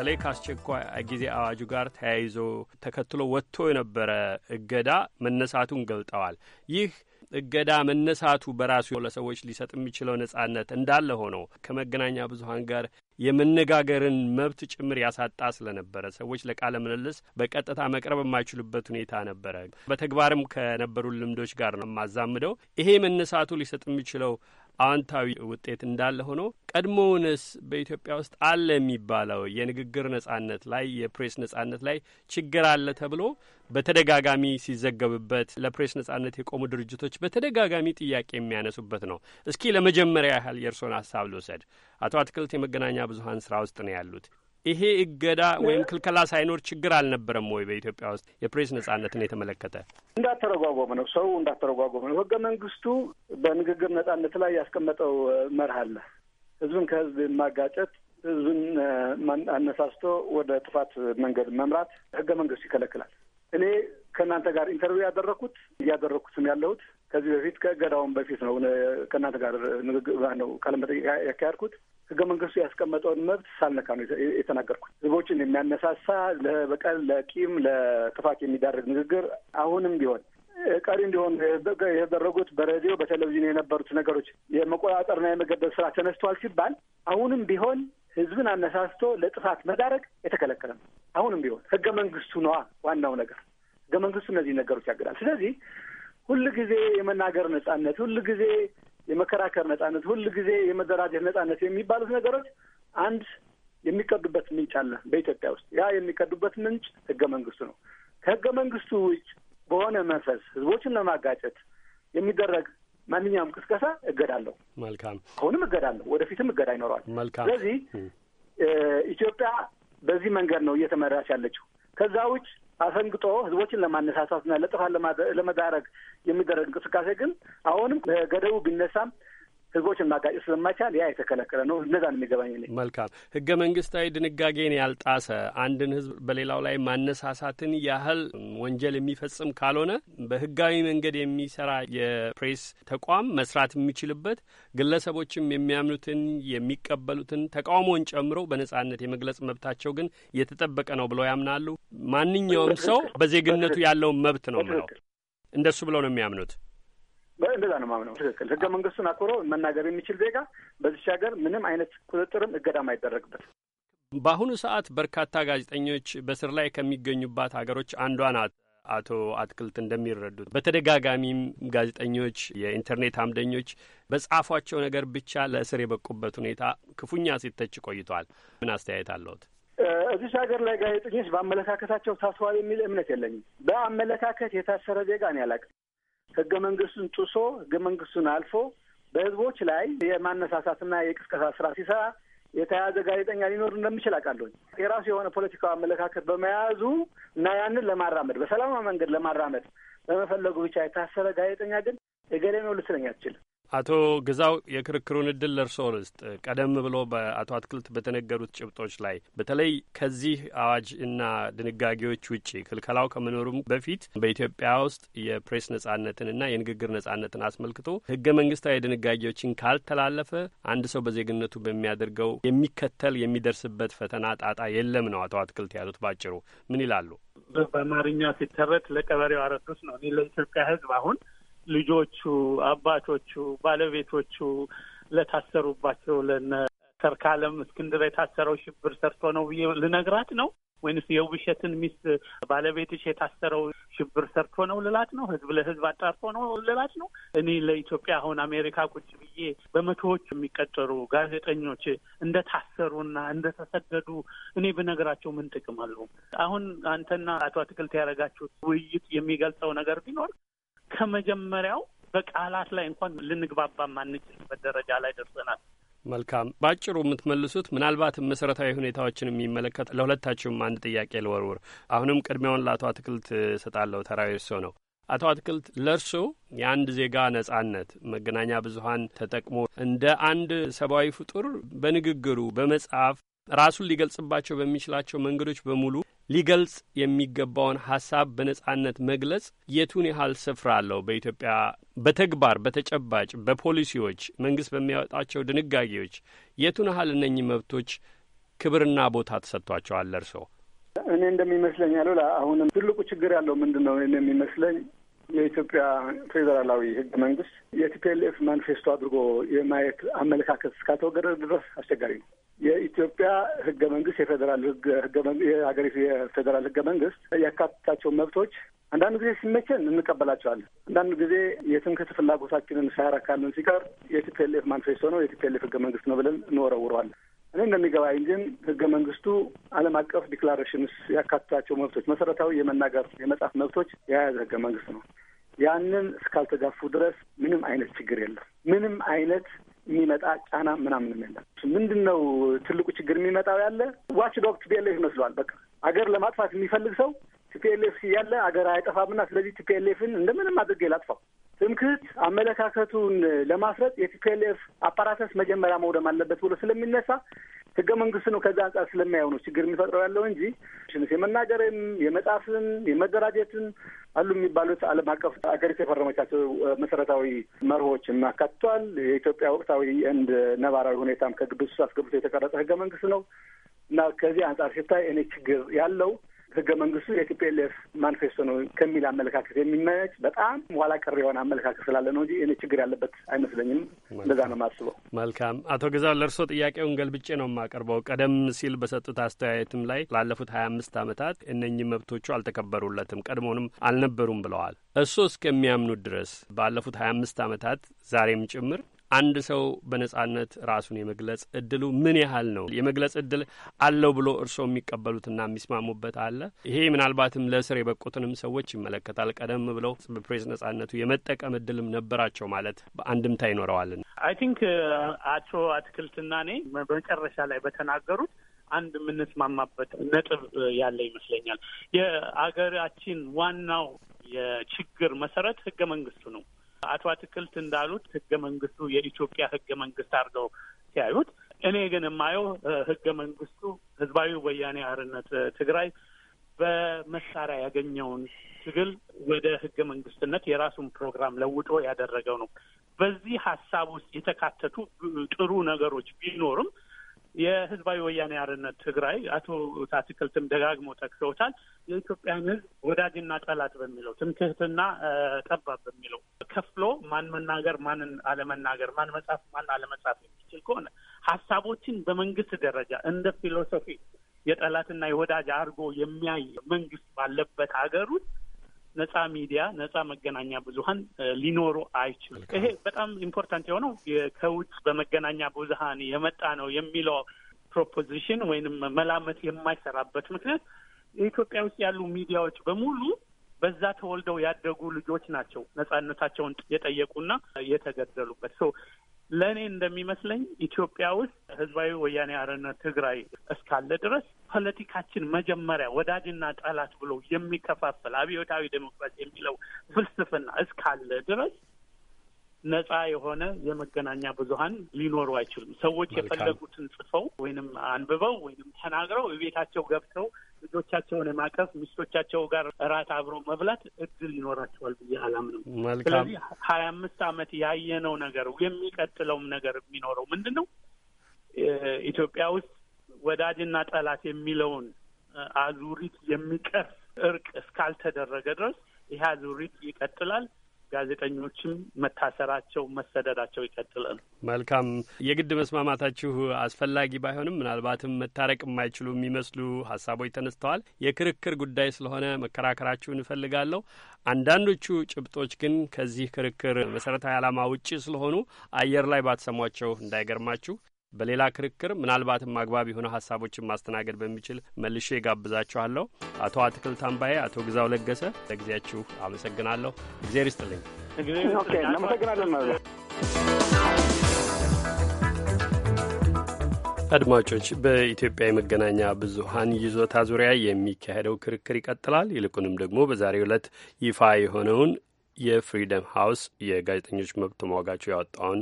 በተለይ ከአስቸኳይ ጊዜ አዋጁ ጋር ተያይዞ ተከትሎ ወጥቶ የነበረ እገዳ መነሳቱን ገልጠዋል። ይህ እገዳ መነሳቱ በራሱ ለሰዎች ሊሰጥ የሚችለው ነጻነት እንዳለ ሆኖ ከመገናኛ ብዙኃን ጋር የመነጋገርን መብት ጭምር ያሳጣ ስለነበረ ሰዎች ለቃለ ምልልስ በቀጥታ መቅረብ የማይችሉበት ሁኔታ ነበረ። በተግባርም ከነበሩ ልምዶች ጋር ነው የማዛምደው። ይሄ መነሳቱ ሊሰጥ የሚችለው አዎንታዊ ውጤት እንዳለ ሆኖ ቀድሞውንስ በኢትዮጵያ ውስጥ አለ የሚባለው የንግግር ነጻነት ላይ የፕሬስ ነጻነት ላይ ችግር አለ ተብሎ በተደጋጋሚ ሲዘገብበት ለፕሬስ ነጻነት የቆሙ ድርጅቶች በተደጋጋሚ ጥያቄ የሚያነሱበት ነው። እስኪ ለመጀመሪያ ያህል የእርስዎን ሀሳብ ልውሰድ። አቶ አትክልት የመገናኛ ብዙኃን ስራ ውስጥ ነው ያሉት። ይሄ እገዳ ወይም ክልከላ ሳይኖር ችግር አልነበረም ወይ? በኢትዮጵያ ውስጥ የፕሬስ ነጻነትን የተመለከተ እንዳተረጓጓመ ነው ሰው እንዳተረጓጓመ ነው። ህገ መንግስቱ በንግግር ነጻነት ላይ ያስቀመጠው መርህ አለ። ህዝብን ከህዝብ ማጋጨት፣ ህዝብን አነሳስቶ ወደ ጥፋት መንገድ መምራት ህገ መንግስቱ ይከለክላል። እኔ ከእናንተ ጋር ኢንተርቪው ያደረግኩት እያደረግኩትም ያለሁት ከዚህ በፊት ከእገዳውን በፊት ነው ከእናንተ ጋር ንግግር ነው ቃለመጠይቅ ያካሄድኩት። ህገ መንግስቱ ያስቀመጠውን መብት ሳልነካ ነው የተናገርኩት። ህዝቦችን የሚያነሳሳ ለበቀል፣ ለቂም፣ ለጥፋት የሚዳርግ ንግግር አሁንም ቢሆን ቀሪ እንዲሆን ያደረጉት በሬዲዮ በቴሌቪዥን የነበሩት ነገሮች የመቆጣጠርና የመገደብ ስራ ተነስተዋል ሲባል አሁንም ቢሆን ህዝብን አነሳስቶ ለጥፋት መዳረግ የተከለከለ ነው። አሁንም ቢሆን ህገ መንግስቱ ነዋ ዋናው ነገር። ህገ መንግስቱ እነዚህ ነገሮች ያገዳል። ስለዚህ ሁል ጊዜ የመናገር ነጻነት፣ ሁል ጊዜ የመከራከር ነጻነት፣ ሁል ጊዜ የመደራጀት ነጻነት የሚባሉት ነገሮች አንድ የሚቀዱበት ምንጭ አለ በኢትዮጵያ ውስጥ። ያ የሚቀዱበት ምንጭ ህገ መንግስቱ ነው። ከህገ መንግስቱ ውጭ በሆነ መንፈስ ህዝቦችን ለማጋጨት የሚደረግ ማንኛውም ቅስቀሳ እገዳለሁ። መልካም አሁንም እገዳለሁ፣ ወደፊትም እገዳ ይኖረዋል። መልካም ስለዚህ ኢትዮጵያ በዚህ መንገድ ነው እየተመራች ያለችው። ከዛ ውጭ አፈንግጦ ህዝቦችን ለማነሳሳትና ለጥፋት ለመዳረግ የሚደረግ እንቅስቃሴ ግን አሁንም ገደቡ ቢነሳም ህዝቦችን ማጋጨት ስለማይቻል ያ የተከለከለ ነው። እነዛን የሚገባኝ ነ መልካም ህገ መንግስታዊ ድንጋጌን ያልጣሰ አንድን ህዝብ በሌላው ላይ ማነሳሳትን ያህል ወንጀል የሚፈጽም ካልሆነ በህጋዊ መንገድ የሚሰራ የፕሬስ ተቋም መስራት የሚችልበት ግለሰቦችም የሚያምኑትን የሚቀበሉትን ተቃውሞን ጨምሮ በነጻነት የመግለጽ መብታቸው ግን የተጠበቀ ነው ብለው ያምናሉ። ማንኛውም ሰው በዜግነቱ ያለውን መብት ነው ምለው እንደሱ ብለው ነው የሚያምኑት። እንደዛ ነው ማምነው። ትክክል ህገ መንግስቱን አክብሮ መናገር የሚችል ዜጋ በዚች ሀገር ምንም አይነት ቁጥጥርም እገዳም አይደረግበት። በአሁኑ ሰዓት በርካታ ጋዜጠኞች በስር ላይ ከሚገኙባት ሀገሮች አንዷ ናት። አቶ አትክልት እንደሚረዱት በተደጋጋሚም ጋዜጠኞች፣ የኢንተርኔት አምደኞች በጻፏቸው ነገር ብቻ ለእስር የበቁበት ሁኔታ ክፉኛ ሲተች ቆይቷል። ምን አስተያየት አለሁት? እዚህ ሀገር ላይ ጋዜጠኞች በአመለካከታቸው ታስሯል የሚል እምነት የለኝም። በአመለካከት የታሰረ ዜጋ እኔ አላውቅም። ህገ መንግስቱን ጥሶ ህገ መንግስቱን አልፎ በህዝቦች ላይ የማነሳሳትና የቅስቀሳ ስራ ሲሰራ የተያዘ ጋዜጠኛ ሊኖር እንደሚችል አውቃለሁኝ። የራሱ የሆነ ፖለቲካዊ አመለካከት በመያዙ እና ያንን ለማራመድ በሰላማዊ መንገድ ለማራመድ በመፈለጉ ብቻ የታሰረ ጋዜጠኛ ግን የገሌ ነው ልትለኝ አትችልም። አቶ ግዛው የክርክሩን እድል ለርሶ ርስጥ ቀደም ብሎ በአቶ አትክልት በተነገሩት ጭብጦች ላይ በተለይ ከዚህ አዋጅ እና ድንጋጌዎች ውጪ ክልከላው ከመኖሩም በፊት በኢትዮጵያ ውስጥ የፕሬስ ነጻነትንና የንግግር ነጻነትን አስመልክቶ ህገ መንግስታዊ ድንጋጌዎችን ካልተላለፈ አንድ ሰው በዜግነቱ በሚያደርገው የሚከተል የሚደርስበት ፈተና ጣጣ የለም ነው አቶ አትክልት ያሉት ባጭሩ። ምን ይላሉ? በአማርኛ ሲተረት ለቀበሬው አረዱስ ነው። እኔ ለኢትዮጵያ ህዝብ አሁን ልጆቹ፣ አባቶቹ፣ ባለቤቶቹ ለታሰሩባቸው ለነ ሰርካለም እስክንድር የታሰረው ሽብር ሰርቶ ነው ብዬ ልነግራት ነው ወይንስ የውብሸትን ሚስት ባለቤትሽ የታሰረው ሽብር ሰርቶ ነው ልላት ነው? ህዝብ ለህዝብ አጣርቶ ነው ልላት ነው? እኔ ለኢትዮጵያ አሁን አሜሪካ ቁጭ ብዬ በመቶዎች የሚቀጠሩ ጋዜጠኞች እንደታሰሩና እንደተሰደዱ እኔ ብነግራቸው ምን ጥቅም አለው? አሁን አንተና አቶ አትክልት ያደረጋችሁት ውይይት የሚገልጸው ነገር ቢኖር ከመጀመሪያው በቃላት ላይ እንኳን ልንግባባ የማንችልበት ደረጃ ላይ ደርሰናል። መልካም። በአጭሩ የምትመልሱት ምናልባትም መሰረታዊ ሁኔታዎችን የሚመለከት ለሁለታችሁም አንድ ጥያቄ ልወርውር። አሁንም ቅድሚያውን ለአቶ አትክልት እሰጣለሁ። ተራዊ እርሶ ነው። አቶ አትክልት ለእርሶ የአንድ ዜጋ ነጻነት መገናኛ ብዙሀን ተጠቅሞ እንደ አንድ ሰብአዊ ፍጡር በንግግሩ በመጽሐፍ ራሱን ሊገልጽባቸው በሚችላቸው መንገዶች በሙሉ ሊገልጽ የሚገባውን ሀሳብ በነጻነት መግለጽ የቱን ያህል ስፍራ አለው? በኢትዮጵያ በተግባር በተጨባጭ በፖሊሲዎች መንግስት በሚያወጣቸው ድንጋጌዎች የቱን ያህል እነኚህ መብቶች ክብርና ቦታ ተሰጥቷቸዋል? ለርሶ እኔ እንደሚመስለኝ ያለው አሁንም ትልቁ ችግር ያለው ምንድን ነው የሚመስለኝ የኢትዮጵያ ፌዴራላዊ ህገ መንግስት የቲፒኤልኤፍ ማኒፌስቶ አድርጎ የማየት አመለካከት እስካተወገደ ድረስ አስቸጋሪ ነው። የኢትዮጵያ ህገ መንግስት የፌዴራል ህገ የሀገሪቱ የፌዴራል ህገ መንግስት ያካትታቸውን መብቶች አንዳንድ ጊዜ ሲመቸን እንቀበላቸዋለን። አንዳንድ ጊዜ የትምክህት ፍላጎታችንን ሳያረካልን ሲቀር የቲፒኤልኤፍ ማኒፌስቶ ነው የቲፒኤልኤፍ ህገ መንግስት ነው ብለን እንወረውረዋለን። እኔ እንደሚገባኝ ግን ህገ መንግስቱ ዓለም አቀፍ ዲክላሬሽንስ ያካትታቸው መብቶች፣ መሰረታዊ የመናገር የመጻፍ መብቶች የያዘ ህገ መንግስት ነው። ያንን እስካልተጋፉ ድረስ ምንም አይነት ችግር የለም። ምንም አይነት የሚመጣ ጫና ምናምን የለም። ምንድን ነው ትልቁ ችግር የሚመጣው ያለ ዋች ዶግ ቲፒኤልኤፍ ይመስሏል። በቃ አገር ለማጥፋት የሚፈልግ ሰው ቲፒኤልኤፍ ያለ አገር አይጠፋምና ስለዚህ ቲፒኤልኤፍን እንደምንም አድርጌ ላጥፋው ትምክህት አመለካከቱን ለማስረጥ የቲፒኤልኤፍ አፓራተስ መጀመሪያ መውደም አለበት ብሎ ስለሚነሳ ህገ መንግስት ነው። ከዛ አንጻር ነው ችግር የሚፈጥረው ያለው እንጂ የመናገርን የመጣፍን የመደራጀትን አሉ የሚባሉት ዓለም አቀፍ አገሪቱ የፈረመቻቸው መሰረታዊ መርሆችን አካትቷል። የኢትዮጵያ ወቅታዊ እንድ ነባራዊ ሁኔታም ከግብስ አስገብቶ የተቀረጸ ህገ መንግስት ነው እና ከዚህ አንጻር ሲታይ እኔ ችግር ያለው ህገ መንግስቱ የቲፒኤልኤፍ ማኒፌስቶ ነው ከሚል አመለካከት የሚመነጭ በጣም ኋላ ቀር የሆነ አመለካከት ስላለ ነው እንጂ እኔ ችግር ያለበት አይመስለኝም። እንደዛ ነው የማስበው። መልካም አቶ ገዛው ለእርስዎ ጥያቄውን ገልብጬ ነው የማቀርበው። ቀደም ሲል በሰጡት አስተያየትም ላይ ላለፉት ሀያ አምስት አመታት እነኚህ መብቶቹ አልተከበሩለትም፣ ቀድሞንም አልነበሩም ብለዋል። እሱ እስከሚያምኑት ድረስ ባለፉት ሀያ አምስት አመታት ዛሬም ጭምር አንድ ሰው በነጻነት ራሱን የመግለጽ እድሉ ምን ያህል ነው? የመግለጽ እድል አለው ብሎ እርስዎ የሚቀበሉትና የሚስማሙበት አለ? ይሄ ምናልባትም ለእስር የበቁትንም ሰዎች ይመለከታል። ቀደም ብለው በፕሬስ ነጻነቱ የመጠቀም እድልም ነበራቸው ማለት በአንድምታ ይኖረዋልና አይ ቲንክ አቶ አትክልትና እኔ መጨረሻ ላይ በተናገሩት አንድ የምንስማማበት ነጥብ ያለ ይመስለኛል። የአገራችን ዋናው የችግር መሰረት ህገ መንግስቱ ነው። አቶ አትክልት እንዳሉት ህገ መንግስቱ የኢትዮጵያ ህገ መንግስት አድርገው ሲያዩት፣ እኔ ግን የማየው ህገ መንግስቱ ህዝባዊ ወያኔ አርነት ትግራይ በመሳሪያ ያገኘውን ትግል ወደ ህገ መንግስትነት የራሱን ፕሮግራም ለውጦ ያደረገው ነው። በዚህ ሀሳብ ውስጥ የተካተቱ ጥሩ ነገሮች ቢኖርም የህዝባዊ ወያኔ አርነት ትግራይ አቶ ታትክልትም ደጋግሞ ጠቅሰውታል። የኢትዮጵያን ህዝብ ወዳጅና ጠላት በሚለው ትምክህትና ጠባብ በሚለው ከፍሎ ማን መናገር ማንን አለመናገር፣ ማን መጻፍ ማን አለመጻፍ የሚችል ከሆነ ሀሳቦችን በመንግስት ደረጃ እንደ ፊሎሶፊ የጠላትና የወዳጅ አድርጎ የሚያይ መንግስት ባለበት ሀገር ውስጥ ነጻ ሚዲያ፣ ነጻ መገናኛ ብዙሀን ሊኖሩ አይችሉም። ይሄ በጣም ኢምፖርታንት የሆነው ከውጭ በመገናኛ ብዙሀን የመጣ ነው የሚለው ፕሮፖዚሽን ወይንም መላመት የማይሰራበት ምክንያት የኢትዮጵያ ውስጥ ያሉ ሚዲያዎች በሙሉ በዛ ተወልደው ያደጉ ልጆች ናቸው ነጻነታቸውን የጠየቁና የተገደሉበት። ሶ ለእኔ እንደሚመስለኝ ኢትዮጵያ ውስጥ ህዝባዊ ወያኔ አርነት ትግራይ እስካለ ድረስ ፖለቲካችን መጀመሪያ ወዳጅና ጠላት ብሎ የሚከፋፍል አብዮታዊ ዴሞክራሲ የሚለው ፍልስፍና እስካለ ድረስ ነፃ የሆነ የመገናኛ ብዙሀን ሊኖሩ አይችሉም። ሰዎች የፈለጉትን ጽፈው ወይንም አንብበው ወይንም ተናግረው ቤታቸው ገብተው ልጆቻቸውን የማቀፍ ሚስቶቻቸው ጋር እራት አብሮ መብላት እድል ይኖራቸዋል ብዬ አላምንም። ስለዚህ ሀያ አምስት አመት ያየነው ነገር የሚቀጥለውም ነገር የሚኖረው ምንድን ነው? ኢትዮጵያ ውስጥ ወዳጅና ጠላት የሚለውን አዙሪት የሚቀር እርቅ እስካልተደረገ ድረስ ይህ አዙሪት ይቀጥላል። ጋዜጠኞችም መታሰራቸው፣ መሰደዳቸው ይቀጥላል። መልካም የግድ መስማማታችሁ አስፈላጊ ባይሆንም ምናልባትም መታረቅ የማይችሉ የሚመስሉ ሀሳቦች ተነስተዋል። የክርክር ጉዳይ ስለሆነ መከራከራችሁን እፈልጋለሁ። አንዳንዶቹ ጭብጦች ግን ከዚህ ክርክር መሰረታዊ ዓላማ ውጪ ስለሆኑ አየር ላይ ባትሰሟቸው እንዳይገርማችሁ። በሌላ ክርክር ምናልባትም አግባብ የሆነ ሀሳቦችን ማስተናገድ በሚችል መልሼ የጋብዛችኋለሁ። አቶ አትክልት አምባዬ፣ አቶ ግዛው ለገሰ ለጊዜያችሁ አመሰግናለሁ። እግዜር ይስጥልኝ። እናመሰግናለን። አድማጮች፣ በኢትዮጵያ የመገናኛ ብዙኃን ይዞታ ዙሪያ የሚካሄደው ክርክር ይቀጥላል። ይልቁንም ደግሞ በዛሬው ዕለት ይፋ የሆነውን የፍሪደም ሀውስ የጋዜጠኞች መብት ተሟጋቹ ያወጣውን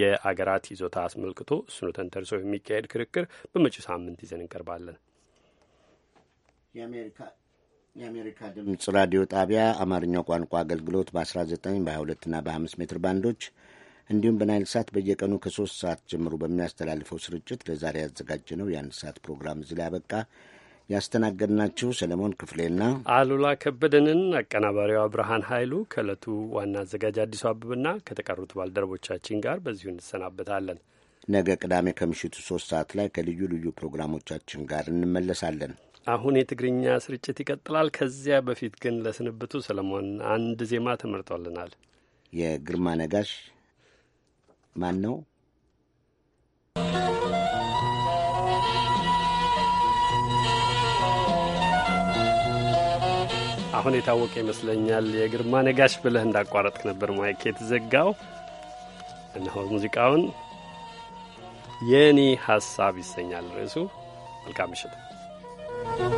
የአገራት ይዞታ አስመልክቶ እሱኑ ተንተርሶ የሚካሄድ ክርክር በመጪው ሳምንት ይዘን እንቀርባለን። የአሜሪካ ድምፅ ራዲዮ ጣቢያ አማርኛው ቋንቋ አገልግሎት በ19 በ22 እና በ5 ሜትር ባንዶች እንዲሁም በናይል ሳት በየቀኑ ከሶስት ሰዓት ጀምሮ በሚያስተላልፈው ስርጭት ለዛሬ ያዘጋጀ ነው የአንድ ሰዓት ፕሮግራም እዚህ ላይ ያበቃ። ያስተናገድናችሁ ሰለሞን ክፍሌና አሉላ ከበደንን፣ አቀናባሪዋ ብርሃን ኃይሉ ከእለቱ ዋና አዘጋጅ አዲሱ አበብና ከተቀሩት ባልደረቦቻችን ጋር በዚሁ እንሰናበታለን። ነገ ቅዳሜ ከምሽቱ ሶስት ሰዓት ላይ ከልዩ ልዩ ፕሮግራሞቻችን ጋር እንመለሳለን። አሁን የትግርኛ ስርጭት ይቀጥላል። ከዚያ በፊት ግን ለስንብቱ ሰለሞን አንድ ዜማ ተመርጦልናል። የግርማ ነጋሽ ማን ነው? አሁን የታወቀ ይመስለኛል። የግርማ ነጋሽ ብለህ እንዳቋረጥክ ነበር ማይክ የተዘጋው። እነሆ ሙዚቃውን የእኔ ሀሳብ ይሰኛል ርዕሱ። መልካም ምሽት።